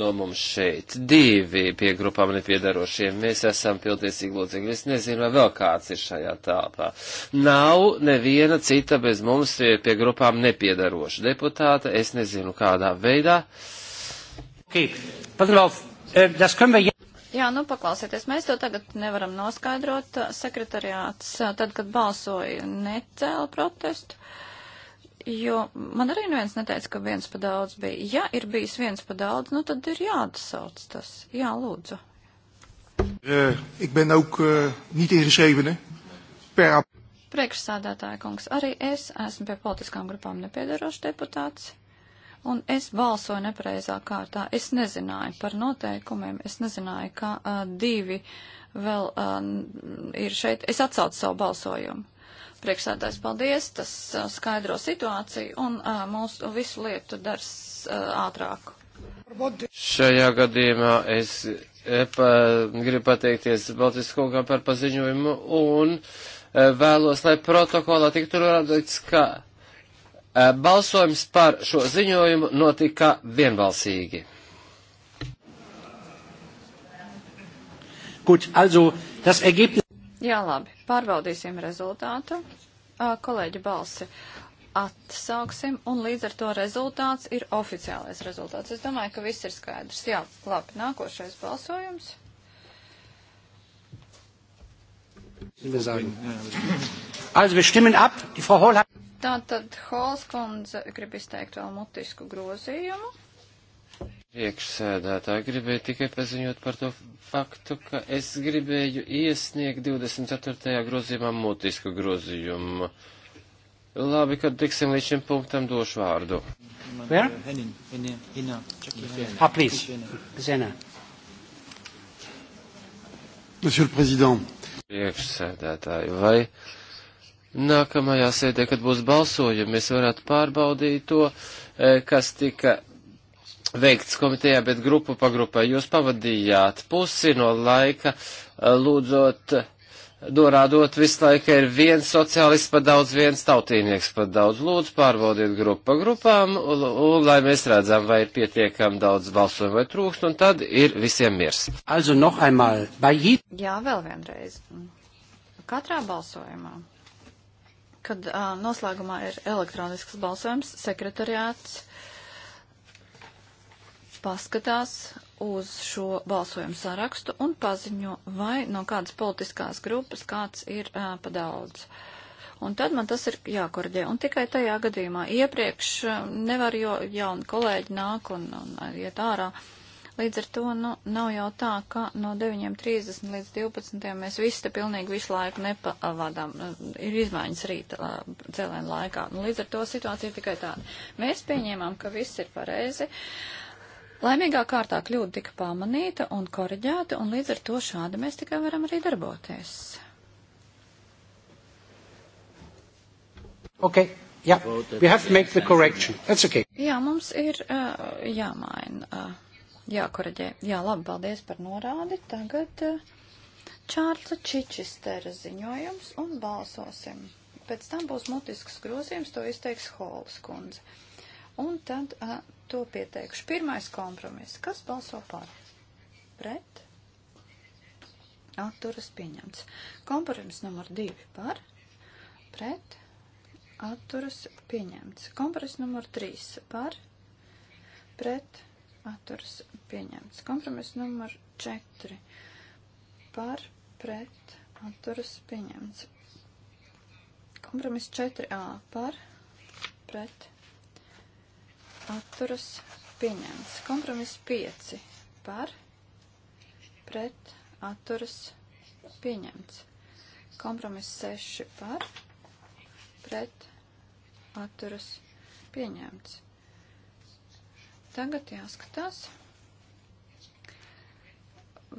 no mums šeit, divi pie grupām nepiedarošiem. Mēs esam pilntiesīgi locekļi. Es nezinu, vai vēl kāds ir šajā tālpā. Nav neviena cita bez mums pie grupām nepiedaroša deputāta. Es nezinu, kādā veidā. Okay. Eh, Jā, nu paklausieties, mēs to tagad nevaram noskaidrot. Sekretariāts eh, tad, kad balsoja, necēla protestu. Uh, Jo man arī neviens neteica, ka viens pa daudz bija. Ja ir bijis viens pa daudz, nu tad ir jāatsauc tas. Jā, lūdzu. Uh, ik ben ook uh, niet ingeschreven, hè? Per... Priekšsādātāja kungs, arī es esmu pie politiskām grupām nepiedarošs deputāts, un es balsoju nepareizā kārtā. Es nezināju par noteikumiem, es nezināju, ka uh, divi vēl uh, ir šeit. Es atsaucu savu balsojumu. Priekšsēdājs, paldies, tas skaidro situāciju un mūsu visu lietu dars ātrāku. Šajā gadījumā es pa, gribu pateikties Baltijas kungam par paziņojumu un vēlos, lai protokolā tiktu norādīts, ka balsojums par šo ziņojumu notika vienbalsīgi. Gut, also, das ergebnis... Jā, labi, pārbaudīsim rezultātu. Kolēģi balsi atsauksim, un līdz ar to rezultāts ir oficiālais rezultāts. Es domāju, ka viss ir skaidrs. Jā, labi, nākošais balsojums. Tātad Holskundze grib izteikt vēl mutisku grozījumu. Priekšsēdētāji gribēju tikai paziņot par to faktu, ka es gribēju iesniegt 24. grozījumā mutisku grozījumu. Labi, kad tiksim līdz šim punktam, došu vārdu. Where? Ah, please. Zena. Monsieur le Président. Priekšsēdētāji, vai nākamajā sēdē, kad būs balsojumi, mēs varētu pārbaudīt to, eh, kas tika veikts komitejā, bet grupu pa grupai jūs pavadījāt pusi no laika, eh, lūdzot, norādot visu laiku ir viens sociālists pa daudz, viens tautīnieks pa daudz. Lūdzu, pārbaudiet grupu pa grupām, un, un lai mēs redzam, vai ir pietiekam daudz balsojumu vai trūkst, un tad ir visiem miers. Also noch einmal, bei Jā, vēl vienreiz. Katrā balsojumā, kad uh, noslēgumā ir elektronisks balsojums, sekretariāts paskatās uz šo balsojumu sarakstu un paziņo, vai no kādas politiskās grupas kāds ir uh, padaudz. Un tad man tas ir jākorģē. Un tikai tajā gadījumā iepriekš uh, nevar, jo jauni kolēģi nāk un, un iet ārā. Līdz ar to nu, nav jau tā, ka no 9.30 līdz 12. mēs visi te pilnīgi visu laiku nepavadām. Nu, ir izmaiņas rīta cēlēna laikā. Un nu, līdz ar to situācija ir tikai tāda. Mēs pieņēmām, ka viss ir pareizi. Uh, Laimīgā kārtā kļūda tika pamanīta un koriģēta, un līdz ar to šādi mēs tikai varam arī darboties. Okay. Yeah. We have to make the correction. That's okay. Jā, mums ir uh, jāmaina, uh, jākoreģē. Jā, labi, paldies par norādi. Tagad uh, Čārlza Čičistera ziņojums un balsosim. Pēc tam būs mutisks grozījums, to izteiks Holas kundze. Uh, Un tad a, to pieteikšu. Pirmais kompromiss. Kas balso par? Pret? Atturas pieņemts. Kompromiss numur divi par? Pret? Atturas pieņemts. Kompromiss numur trīs par? Pret? Atturas pieņemts. Kompromiss numur četri par? Pret? Atturas pieņemts. Kompromiss 4a par? Pret? atturas pieņemts. Kompromiss 5 par, pret, atturas pieņemts. Kompromiss 6 par, pret, atturas pieņemts. Tagad jāskatās.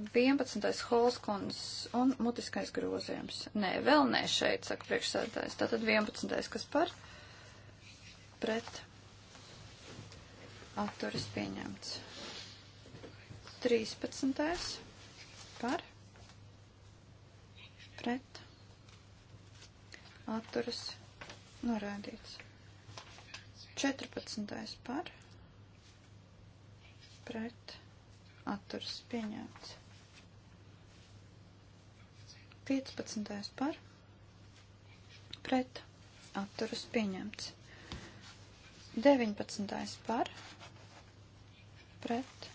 11. holskundas un mutiskais grozījums. Nē, vēl nē šeit, saka priekšsēdājs. Tātad 11. kas par pret atturas pieņemts. 13. par pret atturas norādīts. 14. par pret atturas pieņemts. 15. par pret atturas pieņemts. 19. par pret pret.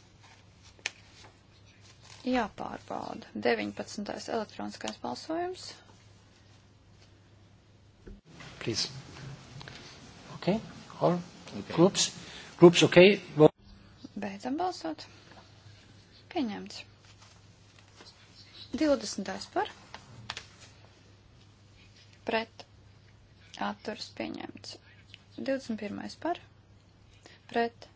Jāpārbauda. 19. elektroniskais balsojums. Please. Okay. All okay. groups. Groups okay. Well. Beidzam balsot. Pieņemts. 20. par. Pret. Atturs pieņemts. 21. par. Pret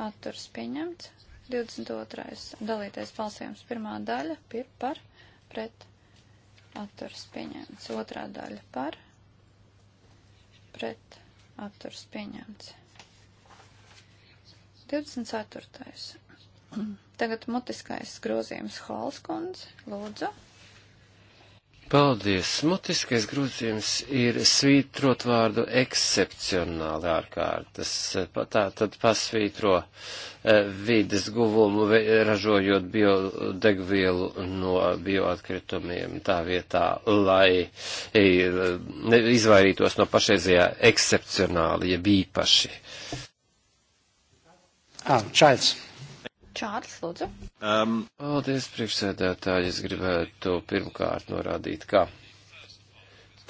atturs pieņemts. 22. dalītais balsojums pirmā daļa pie par pret atturs pieņemts. Otrā daļa par pret atturs pieņemts. 24. Tagad mutiskais grozījums Halskundze. Lūdzu. Paldies. Mutiskais grozījums ir svītrot vārdu ekscepcionāli ārkārtas. Tā tad pasvītro eh, vides guvumu, ražojot biodegvielu no bioatkritumiem tā vietā, lai eh, izvairītos no pašreizējā ekscepcionāli, ja bija paši. Ah, Čails. Čārlis, lūdzu. Um. Paldies, priekšsēdētāji. Es gribētu pirmkārt norādīt, ka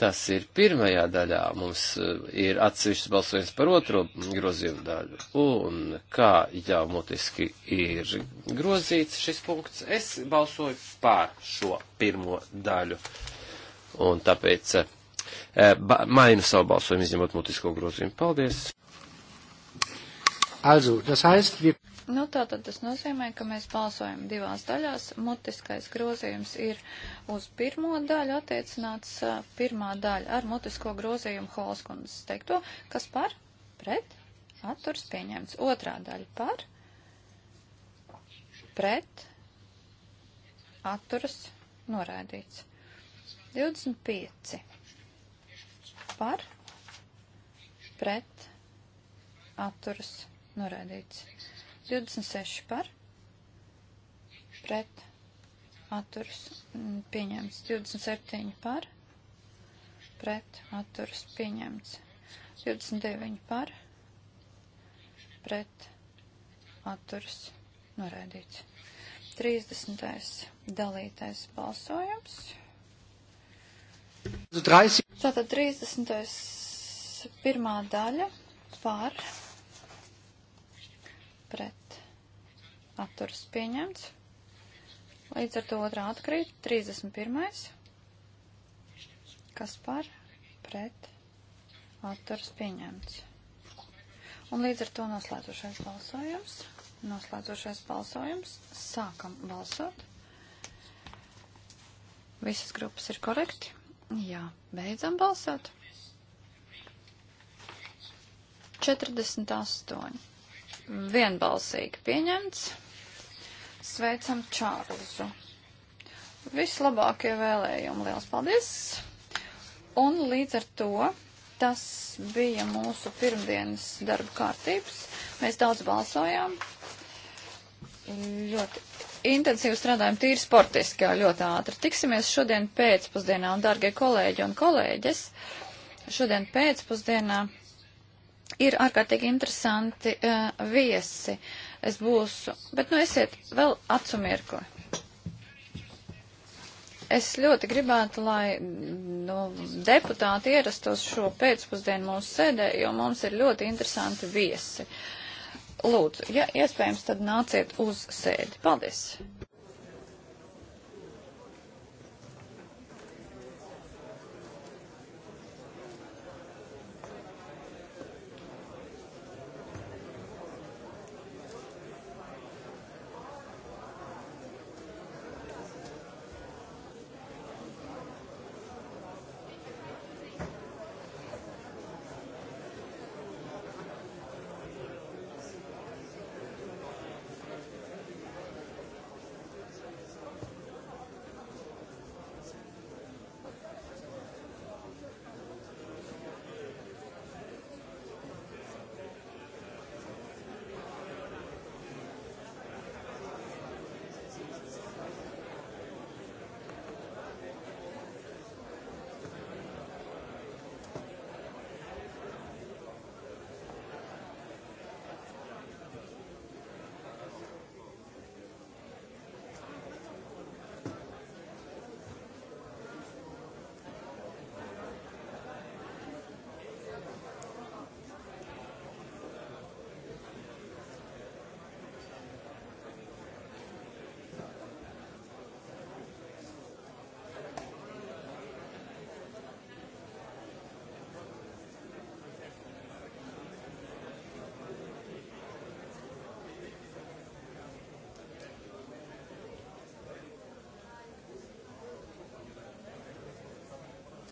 tas ir pirmajā daļā. Mums uh, ir atsevišķs balsojums par otro grozījumu daļu. Un kā jau mutiski ir grozīts šis punkts, es balsoju pār šo pirmo daļu. Un tāpēc eh, mainu savu balsojumu, izņemot mutisko grozījumu. Paldies! Also, das heißt, wir Nu, tātad tas nozīmē, ka mēs balsojam divās daļās. Mutiskais grozījums ir uz pirmo daļu attiecināts pirmā daļa ar mutisko grozījumu Holskundas teikto, kas par pret atturs pieņemts. Otrā daļa par pret atturs noraidīts. 25 par pret atturs noraidīts. 26 par, pret, atturs, mm, pieņemts. 27 par, pret, atturs, pieņemts. 29 par, pret, atturs, norēdīts. 30. dalītais balsojums. Tātad 30. pirmā daļa par pret atturas pieņemts. Līdz ar to otrā atkrīt 31. Kas par pret atturas pieņemts. Un līdz ar to noslēdzošais balsojums. Noslēdzošais balsojums. Sākam balsot. Visas grupas ir korekti. Jā, beidzam balsot. 48 vienbalsīgi pieņemts. Sveicam Čārlzu. Vislabākie vēlējumi. Liels paldies! Un līdz ar to tas bija mūsu pirmdienas darba kārtības. Mēs daudz balsojām. Ļoti intensīvi strādājam tīri sportiski, jā, ļoti ātri. Tiksimies šodien pēcpusdienā, un dārgie kolēģi un kolēģis, šodien pēcpusdienā ir ārkārtīgi interesanti uh, viesi. Es būšu, bet nu esiet vēl atsumirkli. Es ļoti gribētu, lai nu, deputāti ierastos šo pēcpusdienu mūsu sēdē, jo mums ir ļoti interesanti viesi. Lūdzu, ja iespējams, tad nāciet uz sēdi. Paldies!